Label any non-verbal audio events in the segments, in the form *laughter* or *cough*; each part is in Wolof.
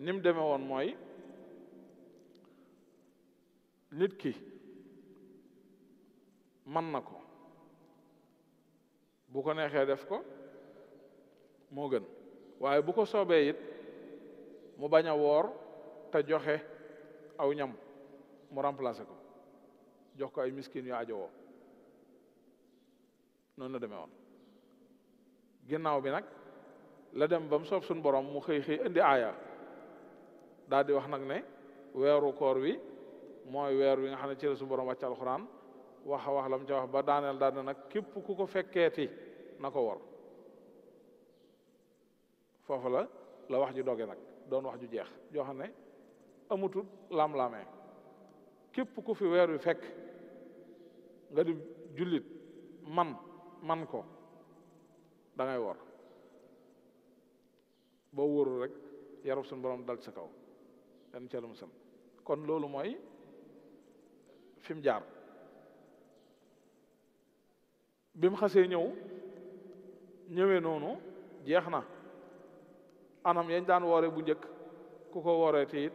ni mu demee woon mooy nit ki man na ko bu ko neexee def ko moo gën waaye bu ko soobee it mu bañ a woor te joxe aw ñam mu remplacer ko jox ko ay miskin yu ajo woo noonu la deme woon ginnaaw bi nag la dem ba mu soob suñu borom mu xëy xëy indi aaya daal di wax nag ne weeru koor wi mooy weer wi nga xam ne cire la su borom wàcc alxuraan wax a wax lam ca wax ba daaneel daal nag képp ku ko fekkeeti na ko war foofu la la wax ju doge nag doon wax ju jeex joo xam ne amutul lam-lamee képp ku fi weer wi fekk nga di jullit man man ko dangay wor boo wóorul rek yarub suñu borom dal ci kaw yan ca la kon loolu mooy fi mu jaar bi mu xasee ñëw ñëwee noonu jeex na anam yañ daan woore bu njëkk ku ko wooree te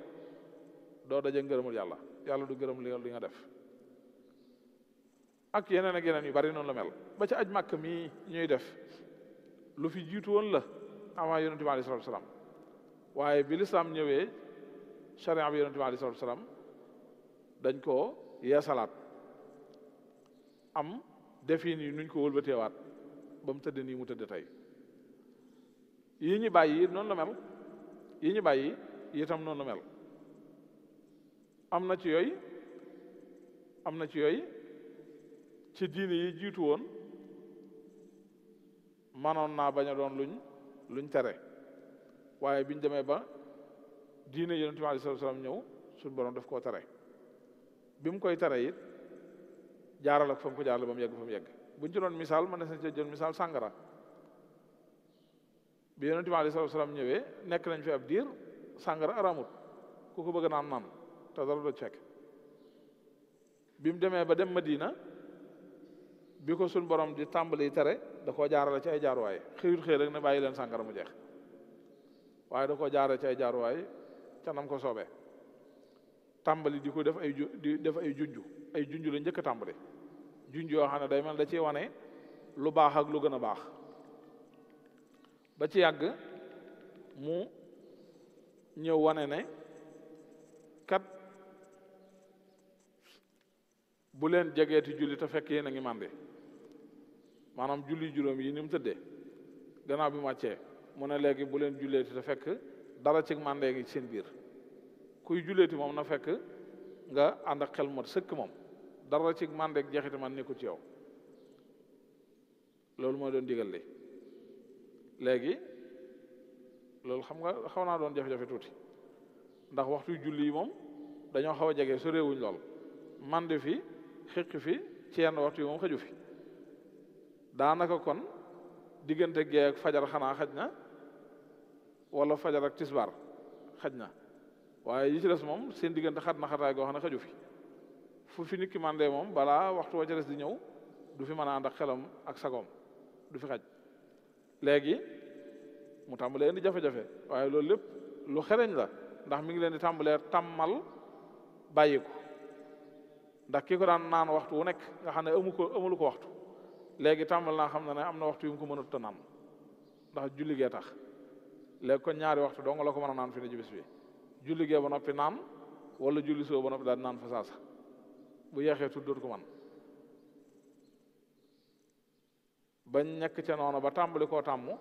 doo daje ngërëmul yàlla yàlla du gërëm li nga def ak yeneen ak yeneen yu bari noonu la mel ba ca aj màkk mi ñuy def lu fi jiitu la avant yonente bi alei waaye bi ñëwee sharia bi yonente bi alei salatu salaam dañ koo yeesalaat am defin yi nuñ ko wëlbateewaat ba mu tëdd nii mu tëdd tey yi ñu bàyyi noonu la mel yi ñu bàyyi yitam noonu la mel am na ci yooyu am na ci yooyu ci diine yi jiitu woon manoon naa bañ a doon luñ luñ tere waaye biñ demee ba diine yonent bi aleyhi salaam ñëw suñu borom daf koo tare bi mu koy tare it jaaral ak fa mu ko jaaral ba mu yegg fa mu yegg buñ ci doon misaal mën na sa jël misaal sàngara bi yonent bi aleyhi ñëwee nekk nañ fi ab diir sàngara aramut ku ko bëgg naan naan te dara du fekk bi mu demee ba dem Madina bi ko suñ borom di tàmbali tere da koo jaarale ci ay jaaruwaay xëyut xëy rek ne bàyyi leen sàngara mu jeex waaye da koo jaarale ci ay jaaruwaay ca nam ko soobee tàmbali di ko def ay ju di def ay junj ay junj la njëkk a tàmbali junj yoo xam ne day mel da ciy wane lu baax ak lu gën a baax da ci yàgg mu ñëw wane ne kat bu leen jegeeti julli te fekk yéen a ngi mànde maanaam julli juróom yi ni tëddee gannaaw bi mu wàccee mu ne léegi bu leen julleeti te fekk dara ci màndee ngi seen biir kuy julleeti moom na fekk nga ànd ak xel mot sëkk moom dara ci màndeeg jeexiti man nekkul ci yow loolu mooy doon digal li léegi loolu xam nga xaw naa doon jafe-jafe tuuti ndax waxtu julli yi moom dañoo xaw a jege so réewuñ lool mande fi xiq fi ci yenn waxtu yi moom xëju fi daanaka kon diggante gee ak fajar xanaa xaj na wala fajar ak tisbaar xaj na waaye yi ci des moom seen diggante xat na xataay goo xam ne xaju fi fu fi nit ki mandee moom balaa waxtu wa ca di ñëw du fi mën a ànd ak xelam ak sagoom du fi xaj léegi mu tàmbalee indi jafe-jafe waaye loolu lépp lu xereñ la ndax mi ngi leen di tàmbalee tàmmal bàyyi ndax kii ko daan naan waxtu wu nekk nga xam ne amu ko amulu ko waxtu léegi tàmbal naa xam na ne am na waxtu yu mu ko mënatut a naan ndax julli tax léegi ko ñaari waxtu dong la ko mën a naan fi ne ci bis bi julli gee ba noppi naan wala julli soo ba noppi daal di naan fa saasa bu yeexee tudd dootu ko man bañ ñekk ca noonu ba tàmbali koo tàmmu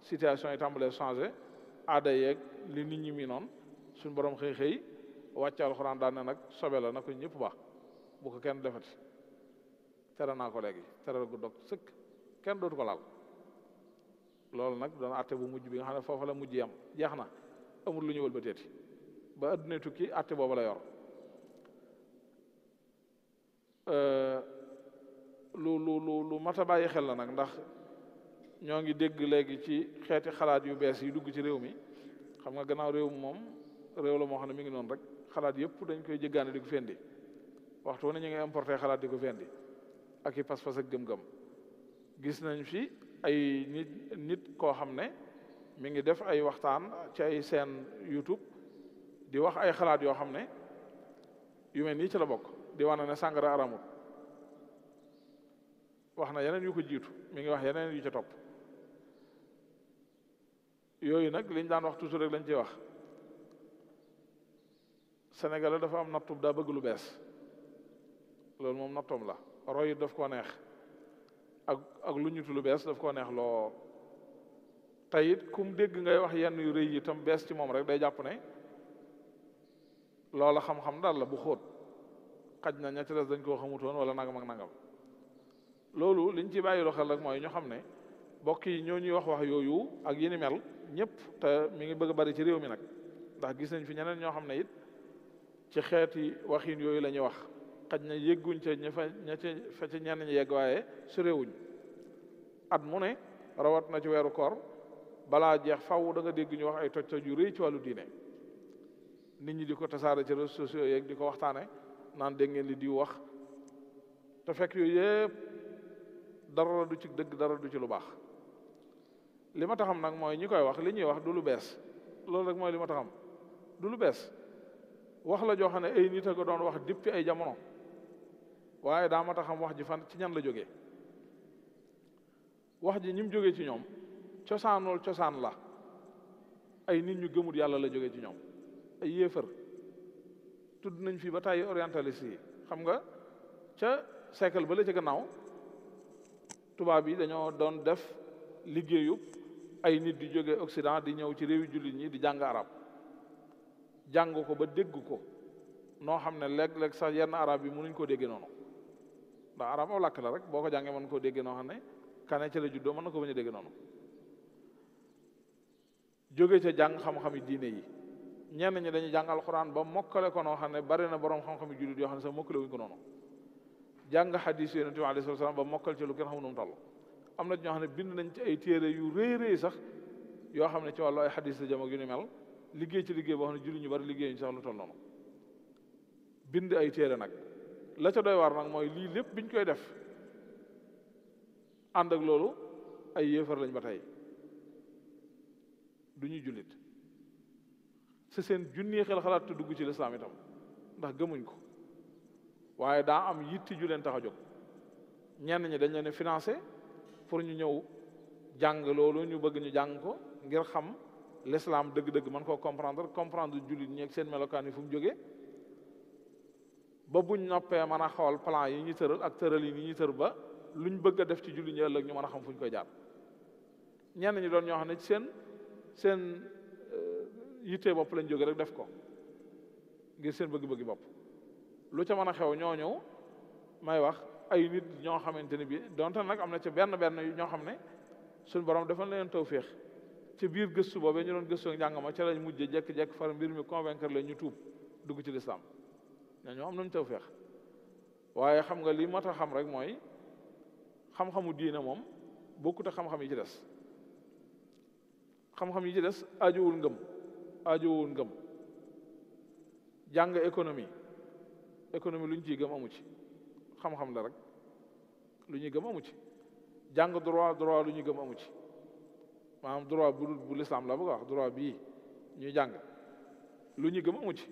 situation yi tàmbalee changé aada yeeg li nit ñi mi noon suñ borom xëy xëy wàcc alxuraan daan ne nag sobe la na ko ñëpp baax bu ko kenn defati tere naa ko léegi tere la gu dog sëkk kenn dootu ko laal loolu nag doon atte bu mujj bi nga xam ne foofa la mujj yam jeex na amul lu ñu wëlbateeti ba adduna tukki atte booba la yor lu lu lu lu mat a bàyyi xel la nag ndax ñoo ngi dégg léegi ci xeeti xalaat yu bees yi dugg ci réew mi xam nga gannaaw réew moom réew la moo xam ne mi ngi noonu rek xalaat yëpp dañ koy jéggaane di ko fendi waxtu wane ñu ngi importé xalaat di ko fendi ak i pas-pas ak gëm-gëm gis nañ fi ay nit nit koo xam ne mi ngi def ay waxtaan ci ay seen YouTube di wax ay xalaat yoo xam ne yu mel nii ci la bokk di wane ne sàngara aramut wax na yeneen yu ko jiitu mi ngi wax yeneen yu ca topp yooyu nag liñ daan wax toujours rek lañ ciy wax Sénégal dafa am nattub daa bëgg lu bees loolu moom nattoom la roy daf ko neex ak ak lu ñutu lu bees daf koo neex loo tey it kum dégg ngay wax yenn yu rëy yi itam bees ci moom rek day jàpp ne loola xam-xam daal la bu xóot xaj na ñetti des dañ koo xamutoon wala nangam ak nangam loolu liñ ci bàyyi xel rek mooy ñu xam ne mbokk yi ñoo ñuy wax wax yooyu ak yéni mel ñëpp te mi ngi bëgg bari ci réew mi nag ndax gis nañ fi ñeneen ñoo xam ne it ci xeeti waxin yooyu lañuy wax xaj na yëgguñ ca ña fa ña ca fa ca ñenn ñi yegg waaye su réewuñ at mu ne rawat na ci weeru koor balaa jeex faw da nga dégg ñu wax ay toj toj yu rëy ci wàllu diine nit ñi di ko tasaare ci réseaux sociaux yeeg di ko waxtaane naan dégg ngeen li di wax te fekk yooyu yëpp dara du ci dëgg dara du ci lu baax li ma taxam nag mooy ñi koy wax li ñuy wax du lu bees loolu rek mooy li ma taxam du lu bees wax la joo xam ne ay nit a ko doon wax depuis ay jamono waaye daa mat a xam wax ji fan ci ñan la jógee wax ji ñi jóge jógee ci ñoom cosaanul cosaan la ay nit ñu gëmut yàlla la jóge ci ñoom ay yéefar tudd nañ fii ba tàyyi orientaliste yi xam nga ca siècle ba la ca gannaaw tubaab yi dañoo doon def liggéeyu ay nit di jóge Occident di ñëw ci réewi jullit ñi di jàng arab jàng ko ba dégg ko noo xam ne léeg-léeg sax yenn arab yi mënuñ ko dégg noonu ndax arab aw làkk la rek boo ko jàngee mën koo déggee noo xam ne kane ca la juddoo mën na ko bañ noonu jóge ca jàng xam-xami diine yi ñenn ñi dañuy jàng alxuraan ba mokkale ko noo xam ne bari na borom xam-xami jullit yoo xam ne sax mokkale wuñ ko noonu jàng xadis yonent bi alayhi ba mokkal ca lu kenn xamul nu mu am na ñoo xam ne bind nañ ci ay téere yu rëy rëy sax yoo xam ne ci wàllu ay xadis la jëm ak yu ni mel liggéey ci liggéey boo xam ne jullit ñu bari liggéey ñu sax lu toll noonu bind ay téere nag la ca doy waar nag mooy lii lépp biñ koy def ànd loolu ay yéefar lañ ba tey du ñuy jullit si seen junni xel xalaat te dugg ci lislaam itam ndax gëmuñ ko waaye daa am yitti ju tax a jóg ñenn ñi dañ leen financé pour ñu ñëw jàng loolu ñu bëgg ñu jàng ko ngir xam l'islam dëgg-dëgg man koo comprendre comprendre jullit ñi seen melokaan yi fu mu jógee ba buñ noppee mën a xool plan yi ñu tëral ak tëral yi ni ñu tër ba luñ bëgg a def ci julli ñu ëllëg ñu a xam fu ñu ko jaar ñenn ñi doon ñoo xam ne ci seen seen euh, yitte bopp lañ jóge rek def ko ngir seen bëgg bopp lu ca mën a xew ñooñu may wax ay nit ñoo xamante ni bi donte nag am na ca benn benn ñoo xam ne suñ borom defal na leen tawféex ci biir gëstu boobu ñu doon gëstu njàng ma ca lañ mujj jekk-jekk far mbir mi convaincre leen ñu tuub dugg ci lislaam ñoo am nañ feex waaye xam nga li mat xam rek mooy xam-xamu diine moom bokkut ak xam-xam yi ci des xam-xam yi ci des ajowul ngëm ajowul ngëm jàng économie économie lu ñu ciy gëm amu ci xam-xam la rek lu ñuy gëm a mucc jàng droit droit lu ñuy gëm amu ci maanaam droit bu dul bu lislaam la bëgg droit bii ñuy jàng lu ñuy gëm a ci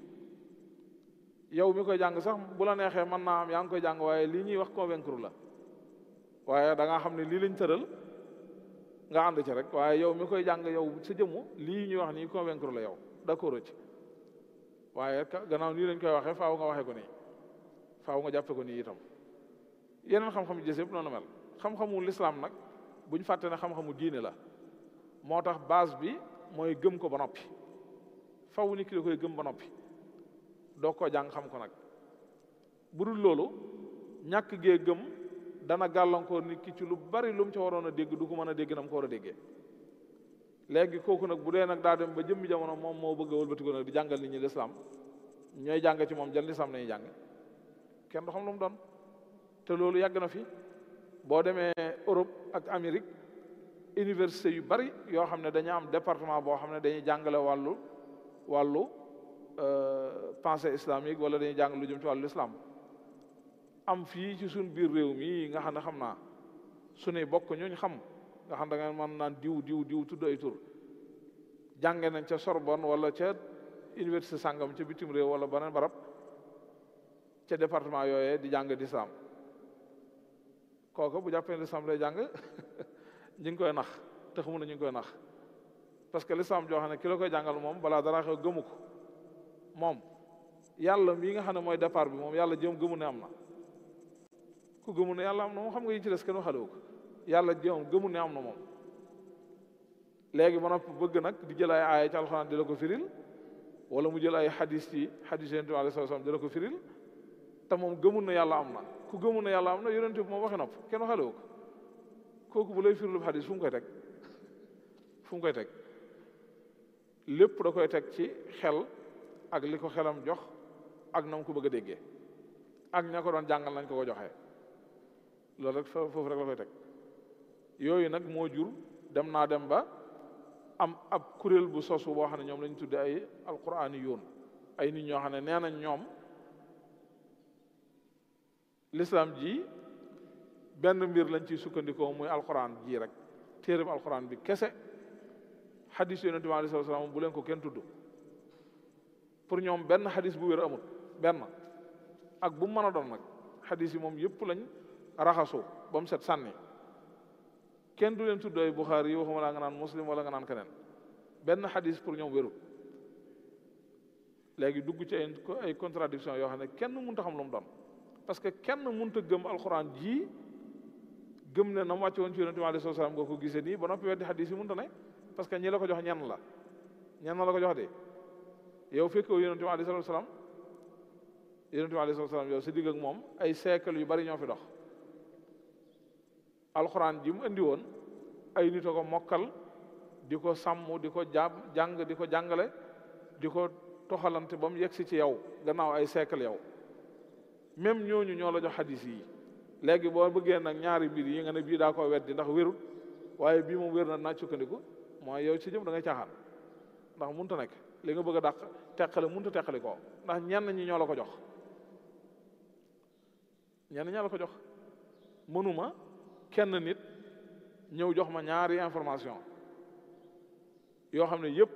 yow mi koy jàng sax bu la neexee mën naa am yaa ngi koy jàng waaye lii ñuy wax convaincre la waaye da xam ne lii lañ tëral nga ànd ci rek waaye yow mi koy jàng yow sa jëmmu lii ñuy wax nii convaincre la yow d'accord ci waaye gannaaw nii lañ koy waxee faaw nga waxee ko nii faaw nga jàppe ko nii itam yeneen xam-xam yi jëseeb noonu mel xam-xamu lislaam nag buñ fàtte ne xam-xamu diine la moo tax base bi mooy gëm ko ba noppi faw nit ki koy gëm ba noppi doo ko jàng xam ko nag bu dul loolu ñàkk gee gëm dana gàllankoor ni ki ci lu bari lu ci waroon a dégg du ko mën a dégg nam mu a déggee léegi kooku nag bu dee nag daa dem ba jëmmi jamono moom moo bëgg a wëlbatiku nag di jàngal nit ñi lislaam ñooy jàng ci moom jan sam lañuy jàng kenn doxam xam doon te loolu yàgg na fi boo demee Europe ak Amérique université yu bari yoo xam ne dañu am département boo xam ne dañuy jàngale wàllu wàllu Euh, pensée islamique wala dañuy jàng lu jëm ci wàllu islam am fii ci suñ biir réew mi nga xam ne xam naa su ne bokk ñooñ xam nga xam da nga mën naan diw diw diw tudd jàng tur nañ ca Sorbonne wala ca université sàngam ca bitim réew wala beneen barab ca département yooyee di jàng di islam kooku bu jàppee lislaam lay jàng *laughs* ñu koy nax te xamu na ñu ngi koy nax parce que lislaam joo xam ne ki koy jàngal moom balaa dara xew gëmu moom yàlla mi nga xam ne mooy départ bi moom yàlla jëm gëmu ne am na ku gëmu ne yàlla am na moom xam nga yi ci des kenn waxalewu yàlla jëm gëmu ne am na moom léegi ba noppi bëgg nag di jël ay aaya ci alxuraan di la ko firil wala mu jël ay xadis ci xadis yonent bi alayhi salaam di la ko firil te moom gëmul na yàlla am na ku gëmul na yàlla am na yonent bi moom waxi nopp kenn waxalewu kooku bu lay firlu xadis fu mu koy teg fu koy teg lépp da koy teg ci xel ak li ko xelam jox ak na ko bëgg dégge ak ña ko doon jàngal nañ ko ko joxee loolu rek foofu rek la koy teg yooyu nag moo jur dem naa dem ba am ab kuréel bu sosu boo xam ne ñoom la ñu tudde ay alquraani yoon ay nit ñoo xam ne nee nañ ñoom lislaam ji benn mbir lañ ciy sukkandikoo muy alquran ji rek téere téeréb alquran bi kese xadis yonente bi alei salatu salaam bu leen ko kenn tudd pour ñoom benn xadis bu wér amul benn ak bu mu mën a doon nag xadis yi moom yëpp lañ raxasoo ba mu set sànni kenn du leen tudd ay Buxaari yi waxuma laa nga naan muslim wala nga naan nen benn xadis pour ñoom wérul léegi dugg ci ay ay contradiction yoo xam ne kenn mënta xam lu mu doon parce que kenn munta gëm alxuraan ji gëm ne na mu wàcce woon ci yonent bi alayhi salaam nga ko gisee nii ba noppi weddi xadis yi mënta ne parce que ñi la ko jox ñenn la ñenn la ko jox de yow fekkoo yonente bi alei salatu salaam yonente bi alei salatu salaam yow sa digg ak moom ay siècle yu bari ñoo fi dox alxuraan ji mu indi woon ay nit a ko mokkal di ko sàmm di ko jàpp jàng di ko jàngale di ko toxalante ba mu yegsi ci yow gannaaw ay siècle yow même ñooñu ñoo la jox xadis yi léegi boo bëggee nag ñaari biir yi nga ne bii daa ko weddi ndax wérut waaye bii moom wér na naa sukkandiku mooy yow ci jëm da ngay caaxaan ndax munta nekk li nga bëgg a dàq teqale mënut a ko ndax ñenn ñi ñoo la ko jox ñenn ñaa la ko jox mënuma kenn nit ñëw jox ma ñaari information yoo xam ne yëpp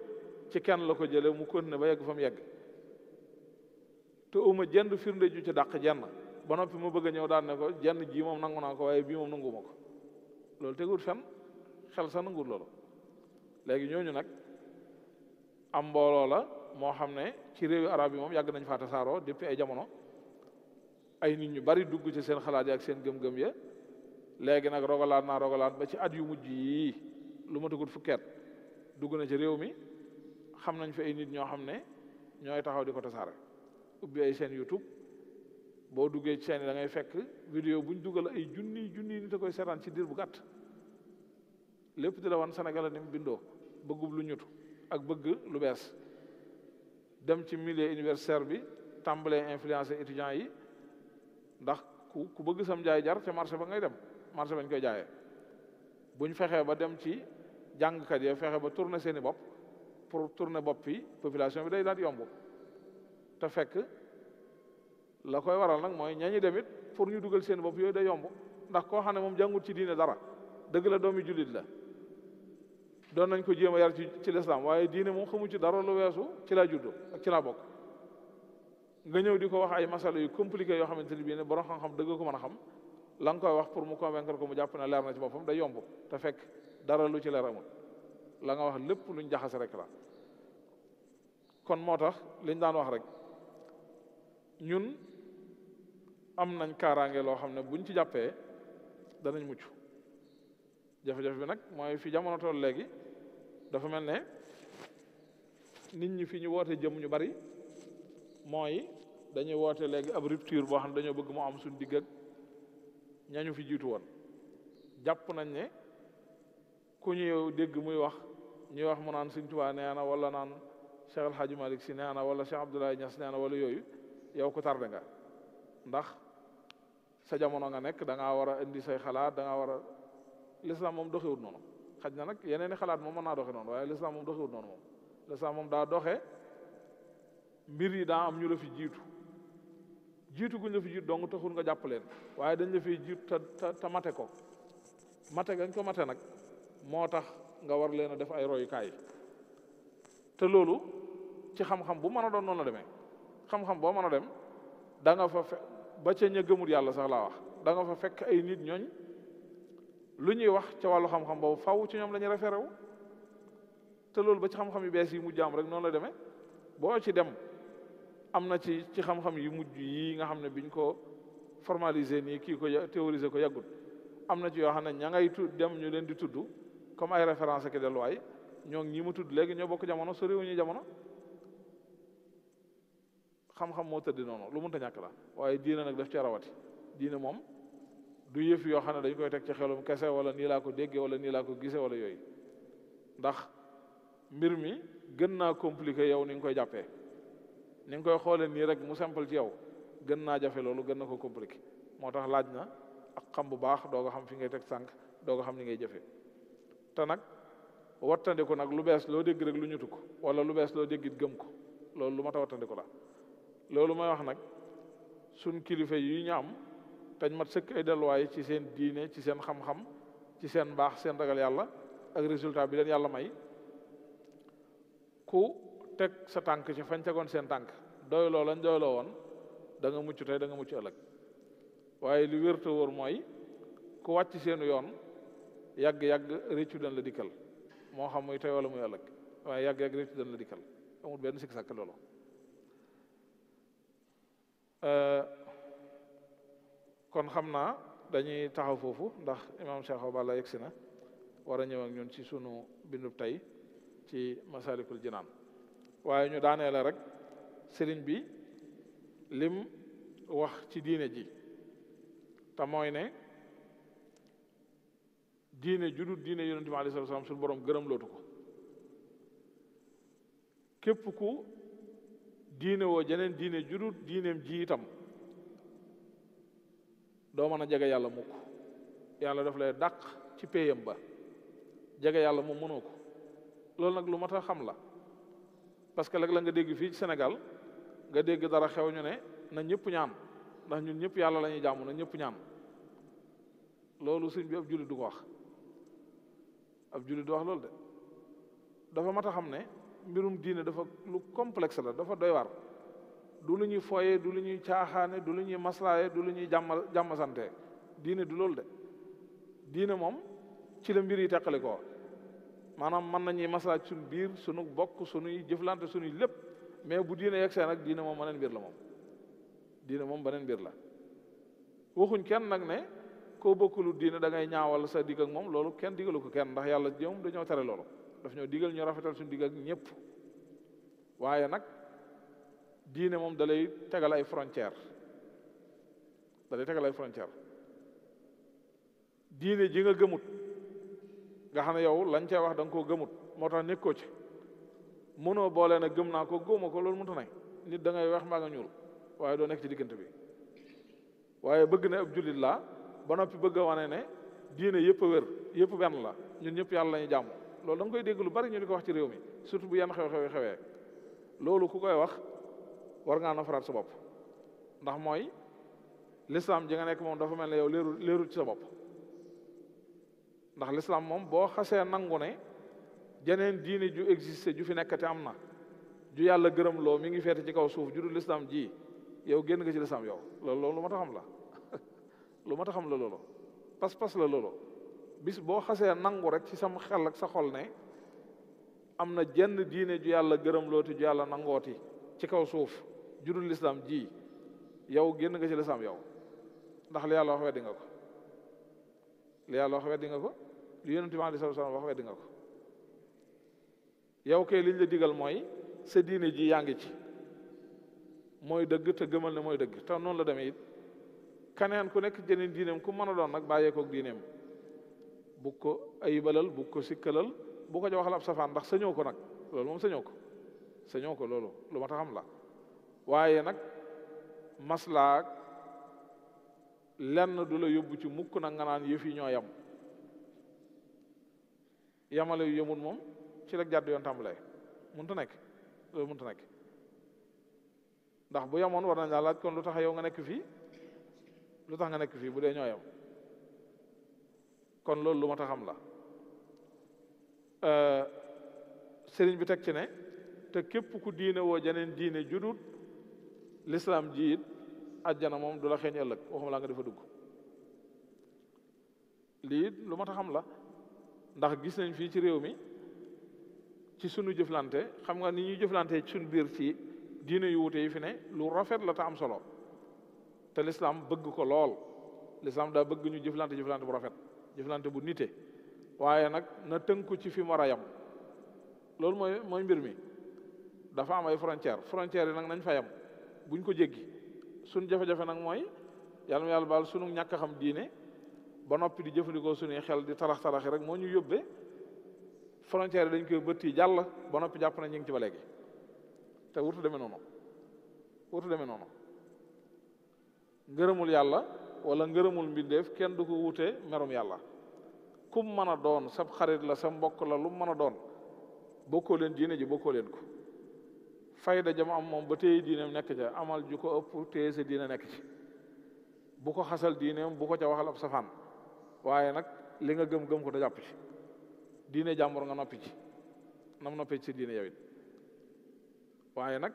ci kenn la ko jële mu kon ne ba yegg fa mu yegg te uma jënd firnde ju ci dàq jenn ba noppi ma bëgg a ñëw daan ne ko jenn ji moom nangu naa ko waaye bii moom nanguwuma ko loolu teguut fenn xel sax nanguut loolu léegi ñooñu nag am mbooloo la moo xam ne ci réewi arab yi moom yàgg nañ faa tasaaroo depuis ay jamono ay nit ñu bari dugg ci seen xalaat yi ak seen gëm-gëm ya léegi nag rogalaat naa rogalaat ba ci at yu mujj yi lu ma tugut fukkeet dugg na ci réew mi xam nañ fi ay nit ñoo xam ne ñooy taxaw di ko tasaare ubbi ay seen YouTube boo duggee ci seen yi da fekk vidéo buñ ñu dugal ay junni junni nit koy seetaan ci diir bu gàtt lépp di la wan Sénégal ni mu bindoo bëggub lu ñutu ak bëgg lu bees dem ci millier universitaire bi tàmbalee influencer étudiants yi ndax ku ku bëgg sam jaay jar te marché ba ngay dem marché bañ koy jaayee buñ fexee ba dem ci jàngkat yi fexe ba tourner seeni bopp pour tourner bopp yi population bi day daal yomb te fekk la koy waral nag mooy ñañi demit pour ñu dugal seeni bopp yooyu day yomb ndax koo xam ne moom jàngut ci diine dara dëgg la doomi jullit la doon nañ ko jéem a yar ci ci lislaam waaye diine moom xamu ci dara lu weesu ci laa juddu ak ci la bokk nga ñëw di ko wax ay masala yu compliqué yoo xamante ni bii ne borom xam-xam dëgg ko mën a xam la nga wax pour mu convaincre ko mu jàpp ne leer na ci boppam day te fekk dara lu ci leer nga wax lépp luñ jaxase rek la kon moo tax liñ daan wax rek ñun am nañ kaaraange loo xam ne buñ ci jàppee danañ mucc jafe-jafe bi nag mooy fi jamono toll léegi dafa mel ne nit ñi fi ñu woote jëm ñu bari mooy dañuy woote léegi ab rupture boo xam ne dañoo bëgg mu am suñu digg ak ñañu fi jiitu woon jàpp nañ ne ku ñu dégg muy wax ñuy wax mu naan Sëñ Tuubaa nee na wala naan Cheikh El Hadj Malick si nee na wala Cheikh Abdoulaye Niass nee na wala yooyu yow ko tardé nga ndax sa jamono nga nekk da ngaa war a indi say xalaat da ngaa war a l'islam moom doxewut noonu xaj na nag yeneen i xalaat moom mën naa doxe noonu waaye l'islam moom doxewut noonu moom l'islam moom daa doxe mbir yi daa am ñu fi jiitu jiitu guñ la fi jiitu dong taxul nga jàpp leen waaye dañ la fi jiitu te te mate ko mate gañ ko mate nag moo tax nga war leen a def ay royukaay te loolu ci xam-xam bu mën a doon noonu la demee xam-xam boo mën a dem danga nga fa fe gëmul yàlla sax laa wax da fekk ay nit ñooñ lu ñuy wax ca wàllu xam-xam boobu faw ci ñoom la ñuy référé te loolu ba ci xam-xam yu bees yi mu jaam rek noonu la demee boo ci dem am na ci ci xam-xam yu mujj yi nga xam ne biñ ko formaliser nii kii ko théoriser ko yàggut am na ci yoo xam ne ña ngay tudd dem ñu leen di tudd comme ay référence ak delluwaay ñoo ngi ñi ma tudd léegi ñoo bokk jamono soriwu ñu jamono xam-xam moo tëdd noonu lu mënta ñàkk la waaye diine nag daf ci rawati diine moom du yëf yoo xam ne dañ koy teg ci xelum kese wala nii ko déggee wala nii laa ko gisee wala yooyu ndax mbir mi gën naa compliqué yow ni nga koy jàppee ni nga koy xoolee nii rek mu simple ci yow gën naa jafe loolu gën na ko compliqué moo tax laaj na ak xam bu baax doo ko xam fi ngay teg sànq doo ko xam ni ngay jëfe te nag wattandiku nag lu bees loo dégg rek lu ñutu ko wala lu bees loo déggit gëm ko loolu lu mat a wattandiku la loolu may wax nag suñ kilifa yi ñu tañ mat sëkk ay delluwaay ci seen diine ci seen xam-xam ci seen mbaax seen ragal yàlla ak résultat bi leen yàlla may ku teg sa tànk ci fañ tegoon seen tànk doyloo lañ doyloo woon da nga mucc tey danga nga mucc ëllëg waaye li wér wóor mooy ku wàcc seenu yoon yàgg-yàgg réccu den la dikkal moo xam muy tey wala muy ëllëg waaye yàgg-yàgg réccu den la dikkal amul benn sikk sàkk loolu euh, kon xam naa dañuy taxaw foofu ndax imaam Cheikh Awa Balla yegsi na war a ñëw ak ñun ci sunu bindub tey ci masalikul jinaan waaye ñu daanee rek sëriñ bi lim wax ci diine ji te mooy ne diine ju dul diine yonente bi alei salatu salaam suñu borom gërëm lootu ko képp ku diine woo jeneen diine ju dul ji itam doo mën a jege yàlla mukk yàlla def lay dàq ci péyam ba jege yàlla moom mënoo ko loolu nag lu mat a xam la parce que léeg la nga dégg fii ci Sénégal nga dégg dara xew ñu ne na ñëpp ñaan ndax ñun ñëpp yàlla lañuy ñuy jaamu na ñëpp ñaan loolu sëñ bi ab jullit du ko wax ab jullit du wax loolu de dafa mat a xam ne mbirum diine dafa lu complexe la dafa doy waar du lu ñuy foye du lu ñuy caaxaane du lu ñuy maslaaye du lu ñuy jàmmal jàmm sante diine du loolu de diine moom ci la mbir yi teqali ko maanaam mën nañuy maslaa suñu biir sunu bokk suñuy jëflante suñuy lépp mais bu diine yegsee nag diine moom beneen mbir la moom diine moom beneen mbir la waxuñ kenn nag ne koo bokkulu diine da ngay ñaawal sa digg moom loolu kenn digalu ko kenn ndax yàlla jëm dañoo tere loolu daf ñoo digal ñu rafetal suñu diggag ñépp waaye nag diine moom dalay tegal ay frontière da tegal ay frontière diine ji nga gëmut nga xam ne yow lañ cee wax da nga koo gëmut moo tax nekkoo ci mënoo boole na gëm naa ko góoma ko loolu mënta nay nit da ngay weex maa nga ñuul waaye doo nekk ci diggante bi waaye bëgg na ab jullit laa ba noppi bëgg a wane ne diine yëpp a wér yëpp benn la ñun ñëpp yàlla la ñu jàmm loolu da koy dégg lu bari ñu di ko wax ci réew mi surtout bu yenn xew-xew yi xewee loolu ku koy wax war ngaa nafaraat sa bopp ndax mooy lislaam ji nga nekk moom dafa mel ne yow léeru léerul ci sa bopp ndax lislaam moom boo xasee nangu ne jeneen diine ju existé ju fi nekkati am na ju yàlla gërëm loo mi ngi feete ci kaw suuf ju dul lislaam ji yow génn nga ci lislaam yow lool lool lu ma taxam la *laughs* lu mata xam la loolu pas-pas la loolo bis boo xasee nangu rek ci sam xel ak sa xol ne am na jenn diine ju yàlla gërëm looti ju yàlla nangooti ci kaw suuf judul lislaam ji yow génn nga ci lislaam yow ndax li yàlla wax weddi nga ko li yàlla wax weddi nga ko li yonent bi aleyhi salaam wax weddi ko yow kay liñ la digal mooy sa diine ji yaa ngi ci mooy dëgg te gëmal ne mooy dëgg te noonu la demee it kaneen ku nekk jënin diineem ku mën a doon nag bàyyeekook diineem bu ko ayibalal bu ko sikkalal bu ko joxal ab safaan ndax sañoo ko nag loolu moom sañoo ko sañoo ko loolu lu ma taxam la waaye nag maslaa lenn du la yóbbu ci mukk nag nga naan yëf ñoo yam yamale yu moom ci rek jàdd yoon tàmbalee mënta nekk loolu mënta nekk ndax bu yemoon war nañ laa laaj kon lu tax yow nga nekk fii lu tax nga nekk fii bu dee ñoo yem kon loolu lu ma la la euh, sëriñ bi teg ci ne te képp ku diine woo jeneen diine judut lislaam ji it ajjana moom du la xeeñ ëllëg waxuma laa nga dafa dugg lii lu mat a xam la ndax gis nañ fii ci réew mi ci sunu jëflante xam nga ni ñuy jëflante ci biir ci diine yu wute yi fi ne lu rafet la te am solo te lislaam bëgg ko lool lislaam daa bëgg ñu jëflante jëflante bu rafet jëflante bu nite waaye nag na tënku ci fi mu war a yam loolu mooy mooy mbir mi dafa am ay frontière frontière yi nag nañ fa yam buñ ko jéggi suñ jafe-jafe nag mooy yàlla na yàlla baal sunu ñàkk xam diine ba noppi di jëfandikoo suñuy xel di tarax taraxi rek moo ñu yóbbee frontière dañ koy bëtt yi jàll ba noppi jàpp na ñu ngi ci ba léegi te wurtu demee noonu wurtu demee noonu ngërëmul yàlla wala ngërëmul mbindeef kenn du ko wutee merum yàlla kum mën a doon sab xarit la sa mbokk la lu mën a doon bokkoo leen diine ji bokkoo leen ko fayda jam am moom ba téye diineem nekk ca amal ju ko ëpp téye sa diine nekk ci bu ko xasal diineem bu ko ca waxal ab safaan waaye nag li nga gëm-gëm ko da jàpp ci diine jàmbur nga noppi ci nam noppee ci sa diine yow waaye nag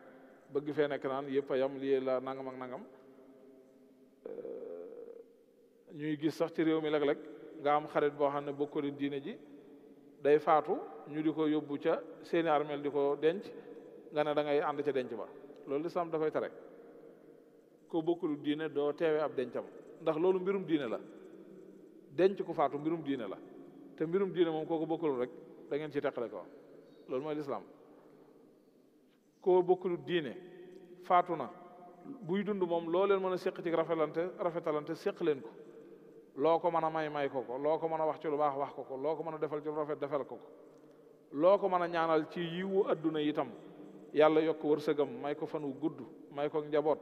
bëgg fee nekk naan yëpp a yam lii la nangam ak nangam ñuy gis sax ci réew mi léeg-léeg nga am xarit boo xam ne bokkul diine ji day faatu ñu di ko yóbbu ca seeni armeel di ko denc nga ne da ngay ànd ca denc ba loolu lislaam dafay tere ko bokkul diine doo teewee ab dencam ndax loolu mbirum diine la denc ku faatu mbirum diine la te mbirum diine moom kooku bokkul rek da ci teqale ko loolu mooy lislaam koo bokkul diine faatu na buy dund moom loo leen mën a séq ci rafetalante rafetalante séq leen ko loo ko mën a may may kooko ko loo ko mën a wax ci lu baax wax ko ko loo ko mën a defal ci lu rafet defal ko ko loo ko mën a ñaanal ci yiwu adduna yitam yàlla yokk wërsëgam may ko fan wu gudd may ko njaboot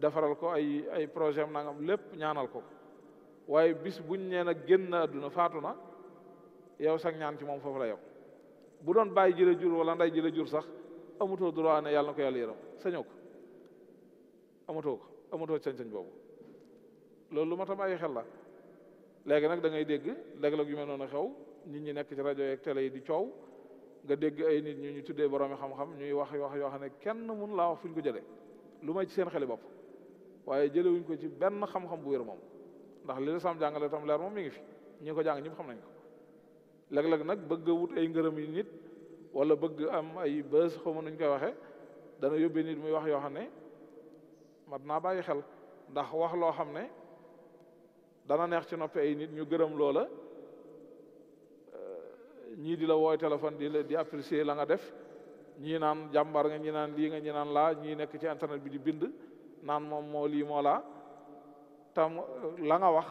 defaral ko ay ay projet am nangam lépp ñaanal ko waaye bis buñ nee nag génn na àdduna faatu na yow sax ñaan ci moom foofu la yow bu doon bàyyi jële jur wala nday jële jur sax amatoo droit ne yàlla ko yàlla yërëm sañoo ko amatoo ko amutoo boobu loolu lu ma tam ay xel la léegi nag dangay ngay dégg léeg yu mel noonu xew nit ñi nekk ci rajo yeeg yi di coow nga dégg ay nit ñu ñu tuddee boroomi xam-xam ñuy wax yoo yoo xam ne kenn mun laa wax fu ñu ko jëlee lu may ci seen xeli bopp waaye jële wuñ ko ci benn xam-xam bu wér moom ndax li la sam jàngale tam leer moom mi ngi fi ñi ko jàng ñëpp xam nañ ko léeg-léeg nag bëgg a wut ay ngërëm yi nit wala bëgg am ay bës xaw ma nuñ koy waxee dana yóbbee nit muy wax yoo xam ne mat naa bàyyi xel ndax wax loo xam ne dana neex ci noppi ay nit ñu gërëm loola ñii di la wooy téléphone di la di apprécier la nga def ñii naan jàmbar nga ñi naan lii nga ñi naan laa ñii nekk ci internet bi di bind naan moom moo lii moo laa tam euh, la nga wax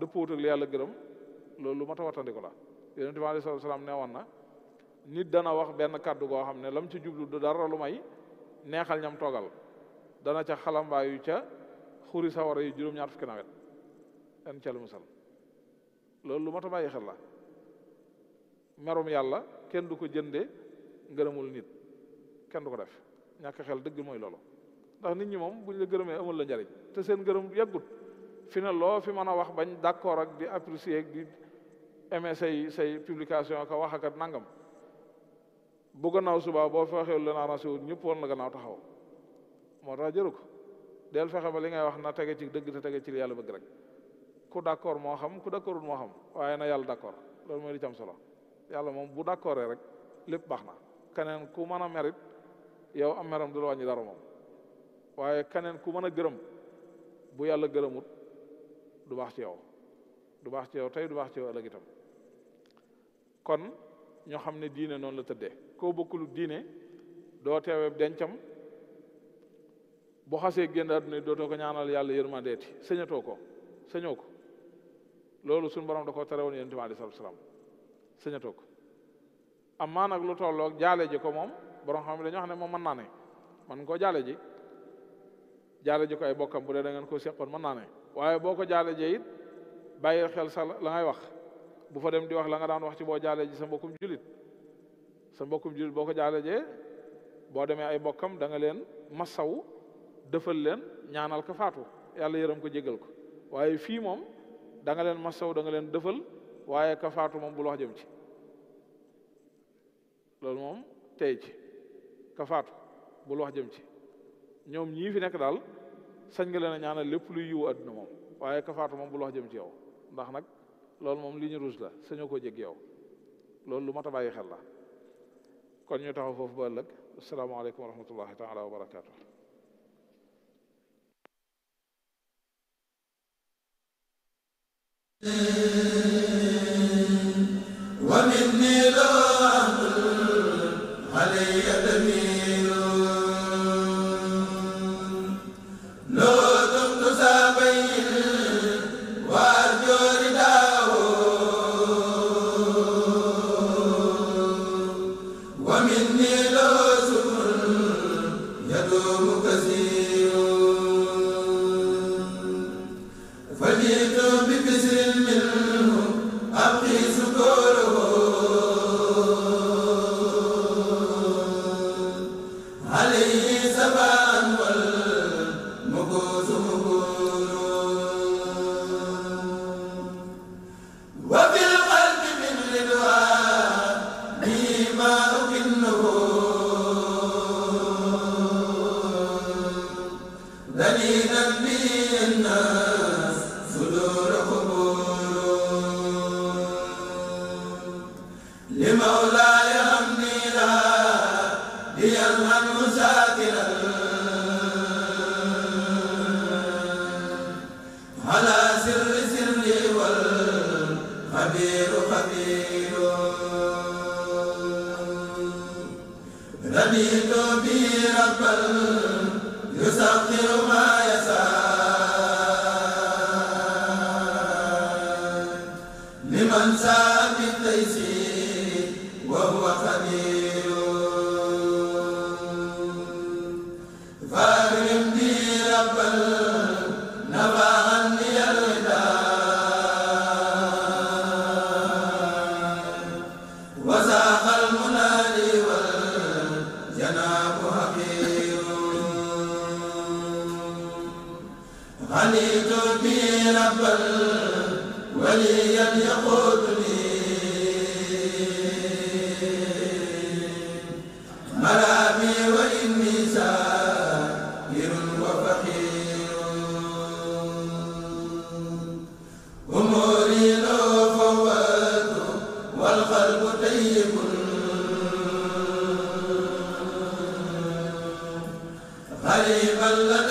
dëppoot ak li yàlla gërëm loolu lu mat a wattandiku la yonent bi aleyhi salaatu ne woon na nit dana wax benn kàddu goo xam ne lam ci jublu du dara lu may neexal ñam toogal dana ca xalambaayu ca xuri sawara yu juróom-ñaar fukki nawet en ca lu musal loolu lu mat a bàyyi xel la merum yàlla kenn du ko jënde ngërëmul nit kenn du ko def ñàkk xel dëgg mooy loolu ndax nit ñi moom buñ la gërëmee amul la njariñ te seen gërëm yàggut fi ne loo fi mën a wax bañ d'accord ak di apprécier di aimer say say publication ka wax nangam bu gannaaw subaa boo fi waxee lu leen arrangé wul ñëpp woon la gannaaw taxaw moo tax jëru ko del fexe ba li ngay wax na tege ci dëgg te tege ci li yàlla bëgg rek ku d'accord moo xam ku d'accordul moo xam waaye na yàlla d'accord loolu mooy li am solo yàlla moom bu d'accord rek lépp baax na keneen ku mën a merit yow am meram du la wàññi dara moom waaye keneen ku mën a gërëm bu yàlla gërëmut du baax ci yow du baax ci yow tey du baax ci yow ëllëg itam kon ñoo xam ne diine noonu la tëdde koo bokkulu diine doo teewee dencam bu xasee génn àdduna dootoo ko ñaanal yàlla yërmandeeti sëñatoo ko sëñoo ko loolu sunu borom da ko tere woon yonent bi aleyhi salaam sañatoo ko amaa nag lu tolloog jaale ji ko moom borom xam ne dañoo xam ne moom man naa ne man koo jaale ji jaale ji ko ay bokkam bu dee da ngeen koo seqoon mën naa ne waaye boo ko jaale ji xel sa la wax bu fa dem di wax la nga daan wax ci boo jaale ji sa mbokkum julit sa mbokkum julit boo ko jaale jee boo demee ay bokkam da nga leen masawu defal leen ñaanal ko faatu yàlla yërëm ko jégal ko waaye fii moom da leen masaw da leen defal waaye kafaatu moom bul wax jëm ci loolu moom tey ci ka faatu bul wax jëm ci ñoom ñii fi nekk daal sañ nga leen a ñaanal lépp luy yiwu àdduna moom waaye kafaatu moom bul wax jëm ci yow ndax nag loolu moom li ñu ruus la sañoo koo jég yow loolu lu mat bàyyi xel la kon ñu taxaw foofu ba ëllëg asalaamaaleykum wa rahmatullahi taala wa barakaatu فالقلب طيب غريبا لنا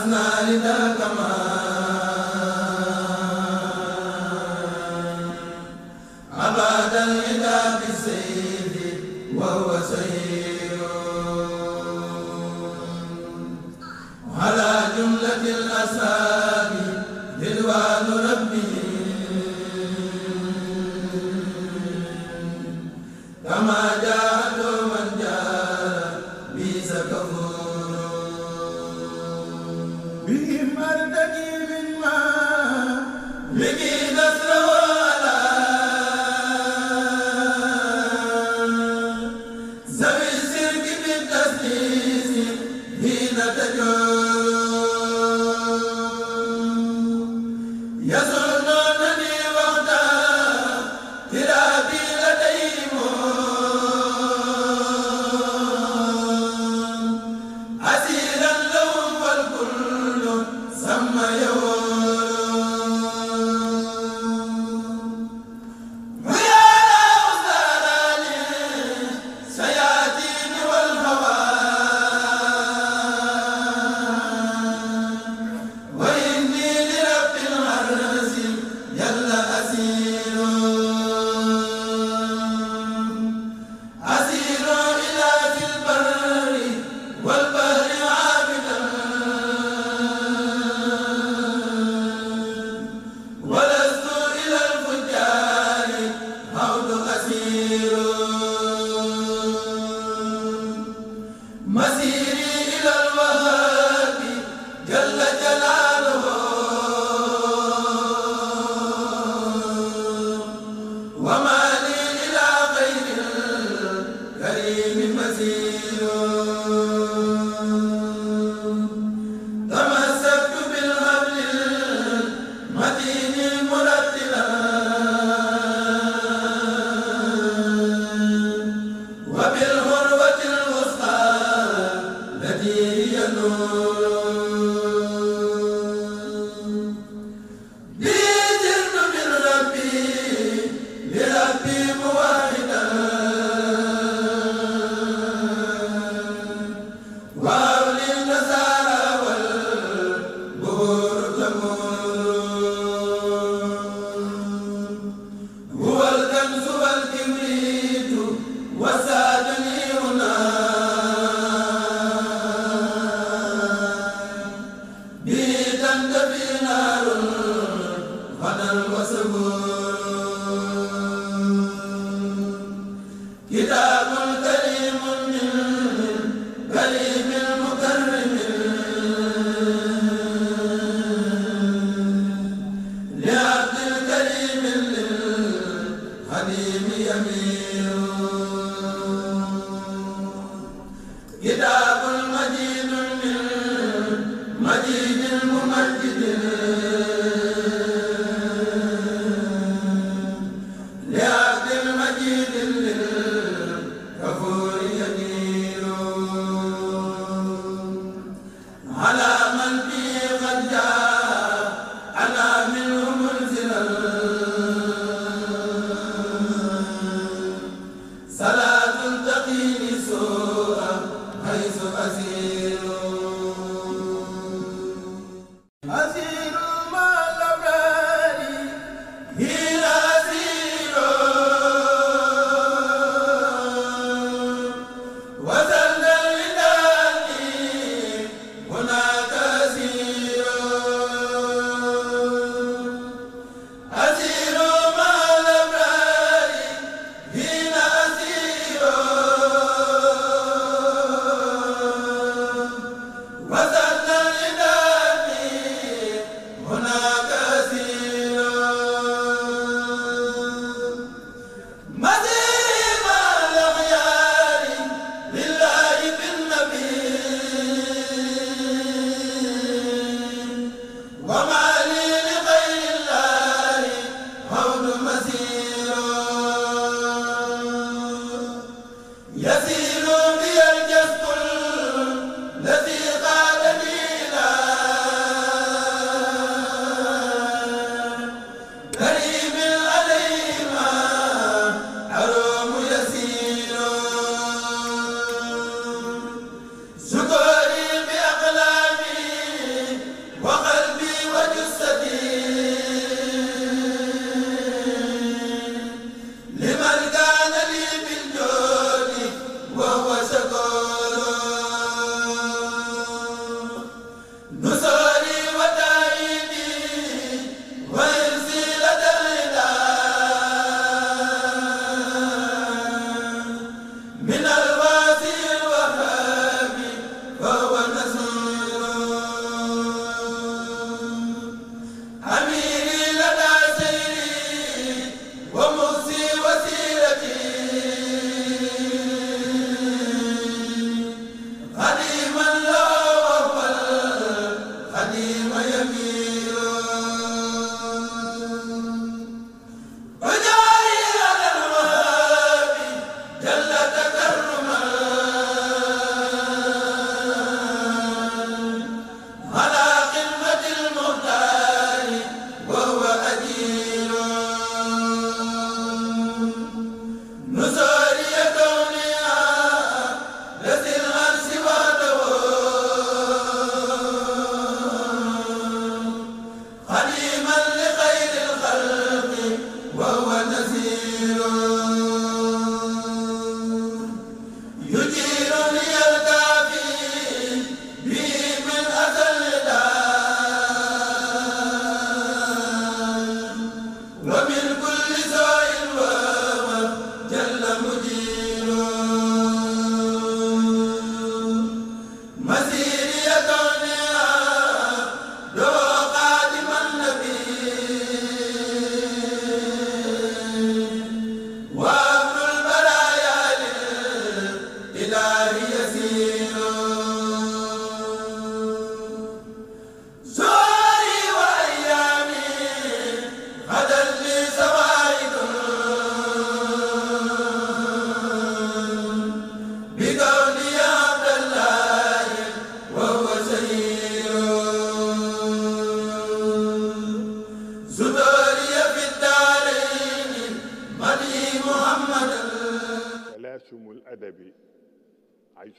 asna li تنتفي نار غدا وسبور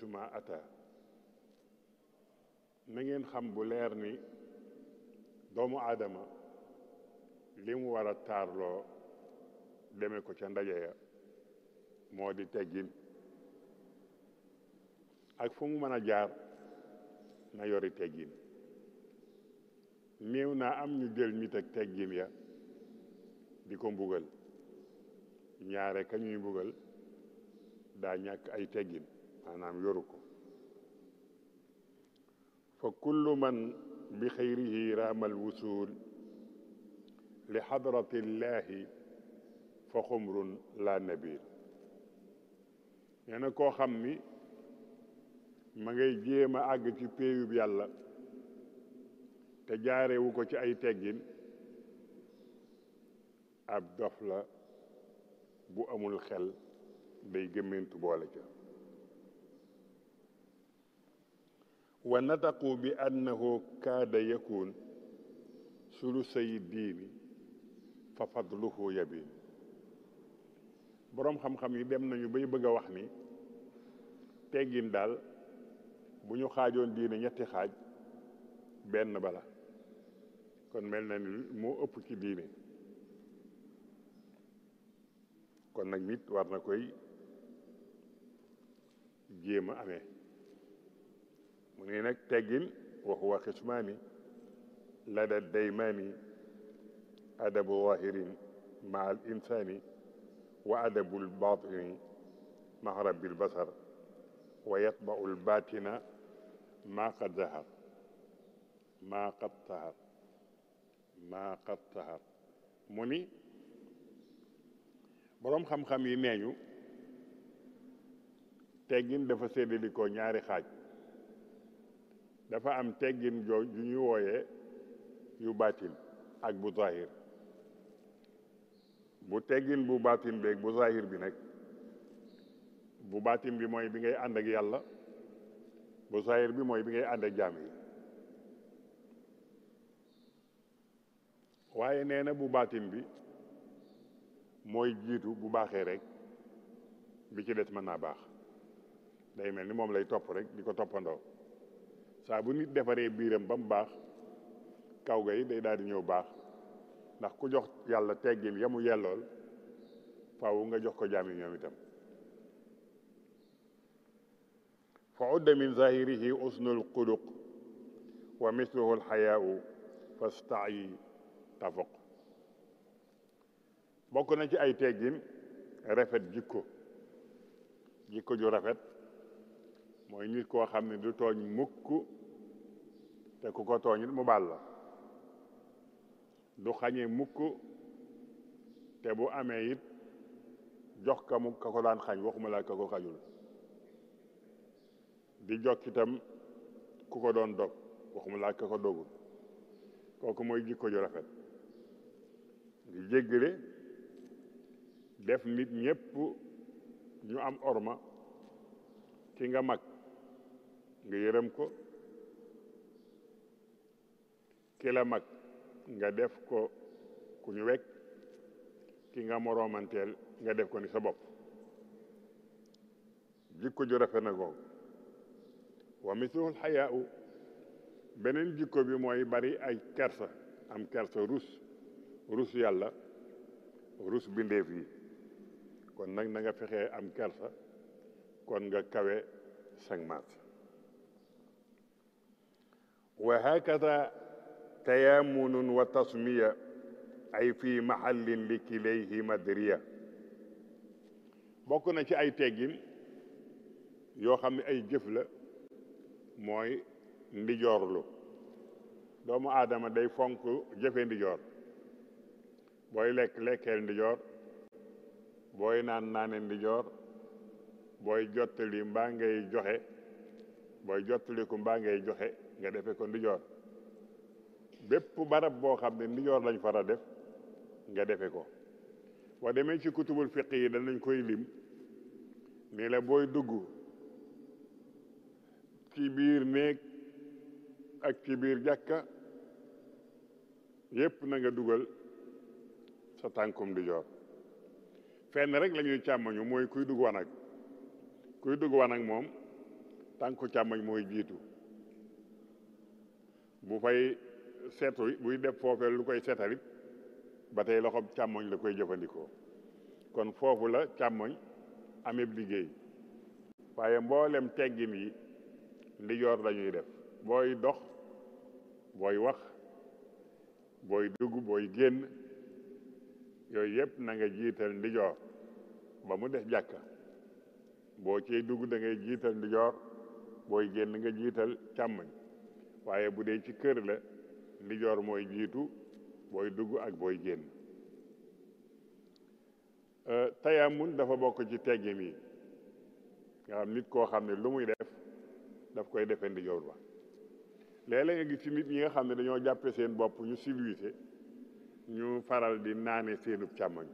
xaytu ma ata na ngeen xam bu leer ni doomu aadama li mu war a taarloo deme ko ca ndaje ya moo di teggin ak fu mu mën a jaar na yori teggin néew na am ñu jël nit ak teggin ya di ko mbugal ñaare ka ñuy mbugal daa ñàkk ay teggin anaam yoru ko fa kullu man bi xayrihi raamal wusuul li xadratillaahi fa xumrun laa nabiil nee koo xam ni ma ngay jéem a àgg ci péeyub yàlla te jaarewu ko ci ay teggin ab dof la bu amul xel day gëmmentu boole ca wa nataqu bi annahu kaada yakun sulusay diini fa fadluhu yabin boroom xam-xam yi dem nañu bay bëgg a wax ni teggin daal bu ñu xaajoon diine ñetti xaaj benn bala kon mel na ni moo ëpp ci diine kon nag nit war na koy jéem a amee mu ne nag teggin waxuwa xismaani lada daymaani adabu zahirin ma al insaani wa adabul baatini ma rabbil basar wa yatbau al baatina maa qad zahar maa qad tahar maa qad tahar mu ni boroom xam-xam yi neeñu teggin dafa séddalikoo ñaari xaaj dafa am teggin jooj yu ñuy wooyee yu baatin ak bu zahir bu teggin bu baatin beeg bu zahir bi nag bu baatin bi mooy bi ngay ànd ak yàlla bu zahir bi mooy bi ngay ànd ak jaam yi waaye nee na bu baatin bi mooy jiitu bu baaxee rek bi ci des mën naa baax day mel ni moom lay topp rek di ko toppandoo saabu bu nit defaree biiram ba mu baax kaw ga yi day daal di ñëw baax ndax ku jox yàlla teggin yamu mu yellool faaw nga jox ko jaam yi ñoom itam fa udda yi zahirihi usnul xuluq wa misluhu alxayaau fastaayi tafoq bokk na ci ay teggin rafet jikko jikko ju rafet mooy nit koo xam ne du tooñ mukk te ku ko tooñ mu baal la du xañe mukk te bu amee it jox ka mu ka ko daan xañ waxuma laa ka ko xañul di jokk itam ku ko doon dog waxuma laa ka ko dogul kooku mooy jikko ju rafet di jéggale def nit ñépp ñu am orma ki nga mag nga yërëm ko ki la mag nga def ko ku ñu wekk ki nga moroomanteel nga def ko ni sa bopp jikko ju rafet na googu wa mithluhul xayaau beneen jikko bi mooy bari ay kersa am kersa ruus ruus yàlla rus bindeef yi kon nag na nga fexee am kersa kon nga kawe sang maat wa وهكذا تيامن وتسمية أي في محل لكليه مدرية bokk na ci ay teggin yoo xam ne ay jëf la mooy ndijoorlu doomu aadama day fonk jëfe ndijoor booy lekk lekkeel ndijoor booy naan naane ndijoor booy jottali mbaa joxe booy jottaliku mbaa ngay joxe nga defee ko ndijoor bépp barab boo xam ne ndijoor lañ fara def nga defe ko wa demee ci kutubul fiq yi nañ koy lim nii la booy dugg ci biir néeg ak ci biir jàkka yépp na dugal sa tànkum ndijoor fenn rek lañuy ñuy càmmoñu mooy kuy dugg wanag kuy dugg wanag moom tànku càmmoñ mooy jiitu bu fay seetu buy def foofee lu koy seetalit ba tey loxoom càmmoñ la koy jëfandikoo kon foofu la càmmoñ ameeb liggéey waaye mboolem teggin yi ndijoor lañuy def booy dox booy wax booy dugg booy génn yooyu yëpp na nga jiital ndijoor ba mu def jàkka boo ciy dugg da ngay jiital ndijoor booy génn nga jiital càmmoñ waaye bu dee ci kër la ndijoor mooy jiitu booy dugg ak booy génn euh, tayamun dafa bokk ci teggin yi nga xam nit koo xam ne lu muy def daf koy defee ndijoor ba léeg-léeg nga gis ci nit ñi nga xam ne dañoo jàppe seen bopp ñu civilisé ñu faral di naane seenub càmmoñ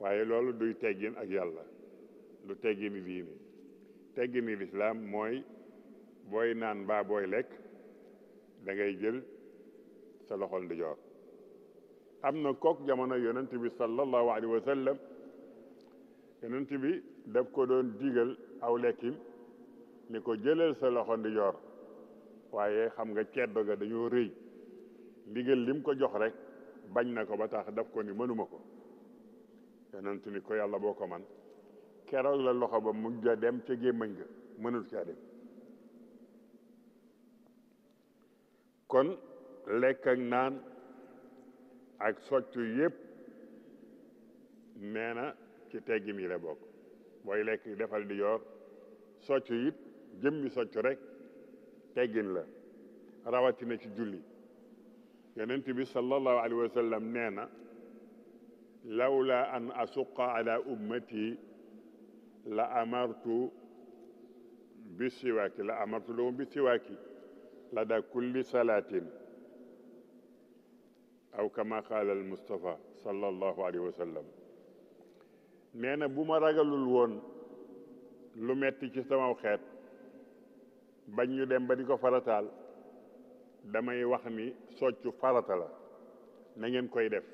waaye loolu duy teggin ak yàlla lu teggini diine teggini lislaam mooy booy naan mbaa booy lekk dangay jël sa loxol ndijoor am na kook jamono yonent bi sallallahu alayhi wa sallam yonent bi daf ko doon digal aw lekkim ni ko jëlal sa loxo ndijoor waaye xam nga ceddo ga dañoo rëy ndigal lim ko jox rek bañ na ko ba tax daf ko ni mënuma ko yonent ni ko yàlla boo ko man keroog la loxo ba mujj a dem ca gémmañ ga mënul caa dem kon lekk naan ak soccu yépp nee na ci teggim yi la bokk booy lekk defal di yoor soccu it jëmmi soccu rek teggin la rawatina ci julli yonent bi sallallahu alayhi wa sallam nee na lawla an asuqa ala ummati la amartu bi siwaaki la amartu lahum bi siwaaki la lada kulli salaatin aw kama qaala al Mustafa sallallahu alayhi wa na bu ma ragalul woon lu metti ci sama xeet bañ ñu dem ba di ko farataal damay wax ni soccu farata la na ngeen koy def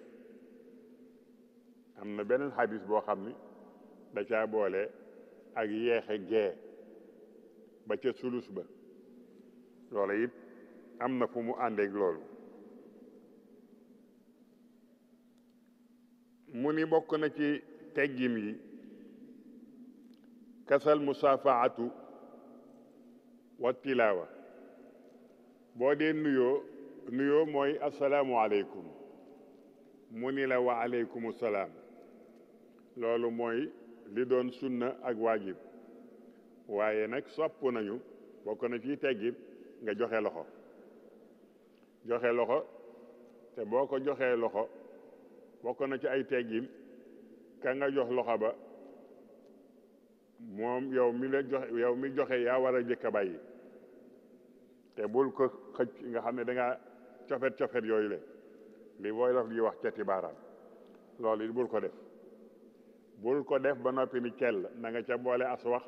am na beneen xadis boo xam ni da boole ak yeexe gee ba ca sulus ba loola it am na fu mu àndeeg loolu mu ni bokk na ci teggim yi kasal musaafaatu wa tilaawa boo dee nuyoo nuyoo mooy asalaamu aleykum mu ni la wa aleykum salaam loolu mooy li doon sunna ak waajib waaye nag sopp nañu bokk na ci teggib nga joxe loxo joxe loxo te boo ko joxee loxo bokk na ci ay teggiim ka nga jox loxo ba moom yow mi joxe yow mi joxe yaa war a njëkk a bàyyi te bul ko xëcc nga xam ne danga ngaa cofet yooyu le li booy daf di wax cati baaraam loolu it bul ko def bul ko def ba noppi ni kell na nga ca boole as wax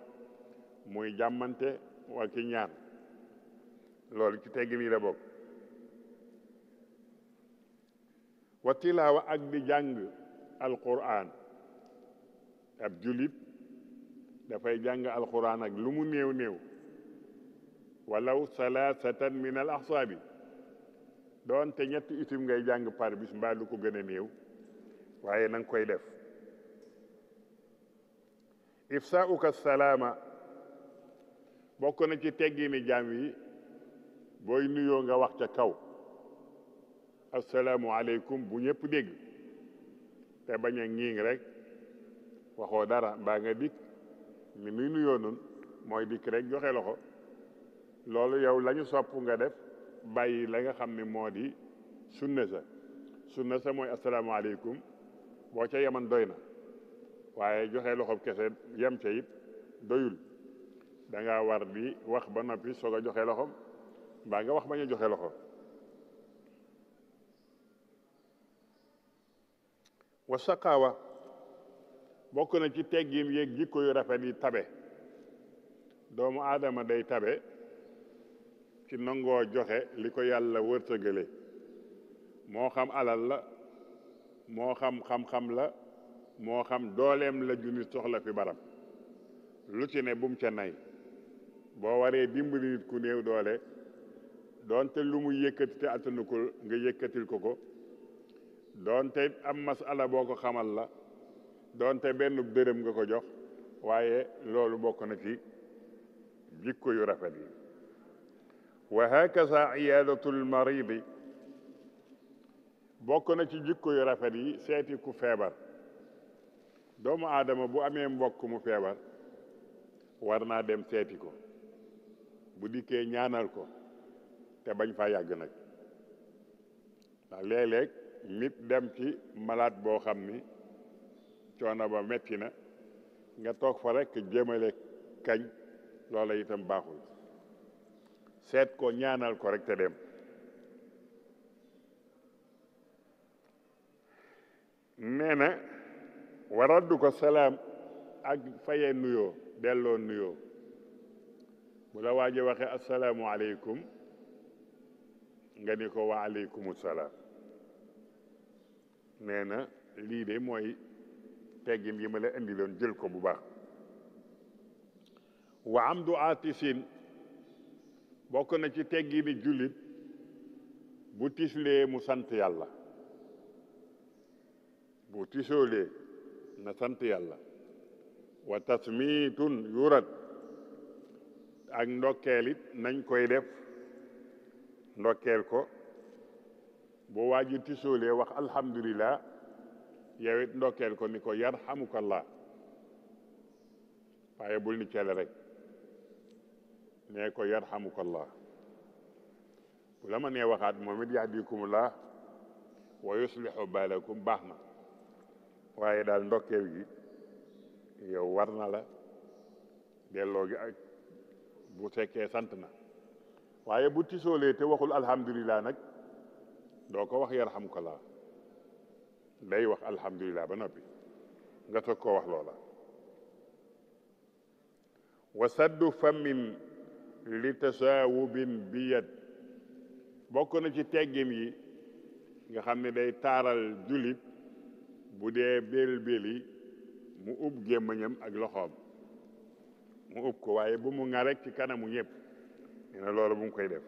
muy jàmmante wa ki ñaan loolu ci tegg mi la bokk wa tilaawa di jàng alquran ab julit dafay jàng alquran ak lu mu néew néew walaw salaasatan min al ahsaabi doonte ñett itim ngay jàng par bis mbaa ko gën a néew waaye na koy def ifsaauka salaama bokk na ci teggi ni jaam yi booy nuyoo nga wax ca kaw asalaamualeykum bu ñëpp dégg te bañ a ngiing rek waxoo dara mbaa nga dikk ni muy nuyoo nun mooy dikk rek joxe loxo loolu yow lañu sopp nga def bàyyi la nga xam ne moo di sunna sa sunna sa mooy asalaamaaleykum boo ca yeman doy na waaye joxe loxo kese yam ca it doyul danga nga war di wax ba noppi soog a joxe loxom mbaa nga wax ma joxe loxo wa saqaawa bokk na ci teggin yéeg jikko yu rafet yi tabe doomu aadama day tabe ci nangoo joxe li ko yàlla wërsëgale moo xam alal la moo xam xam-xam la moo xam dooleem la ju soxla fi baram lu ci ne bum ca nay boo waree dimbali nit ku néew doole doonte lu mu yëkkati te attanu ko nga yëkkatil ko ko doonte am masala boo ko xamal la doonte benn dërëm nga ko jox waaye loolu bokk na ci jikko yu rafet yi wa hakaza iyadatul bokk na ci jikko yu rafet yi seeti ku feebar doomu aadama bu amee mbokk mu feebar war naa dem seeti ko bu dikkee ñaanal ko te bañ fa yàgg nag ndax léeg-léeg nit dem ci malaat boo xam ni coono ba metti na nga toog fa rek jéemale kañ loola itam baaxul seet ko ñaanal ko rekk te dem nee na waraddu ko salaam ak fayee nuyoo delloo nuyoo bu la waaje waxe asalaamu aleykum nga ni ko wa aleykum salaam nee na lii de mooy teggin yi ma la indiloon jël ko bu baax wa am du atisin bokk na ci teggini jullit bu tislee mu sant yàlla bu tisoolee na sant yàlla wa tasmiitun yurat ak ndokkeel it nañ koy def ndokkeel ko boo waa ji tisoolee wax alhamdulillah yow it ndokkeel ko ni ko yar yarhamukallah waaye bul ni cele rek nee ko yarhamukallah bu la ma nee waxaat moom it yahdikumullah wa yuslihu baalakum baax na waaye daal ndokkeel gi yow war na la delloo gi ak bu fekkee sant na waaye bu tisoolee te waxul alhamdulilah nag doo ko wax ko la day wax alhamdulilah ba noppi nga toog koo wax loola wa saddu fammin li bi biyat bokk na ci teggim yi nga xam ni day taaral jullit bu dee bél béli mu ub gémmiñam ak loxoom mu ub ko waaye bu mu nga ci kanamu ñëpp nee na loolu bu mu koy def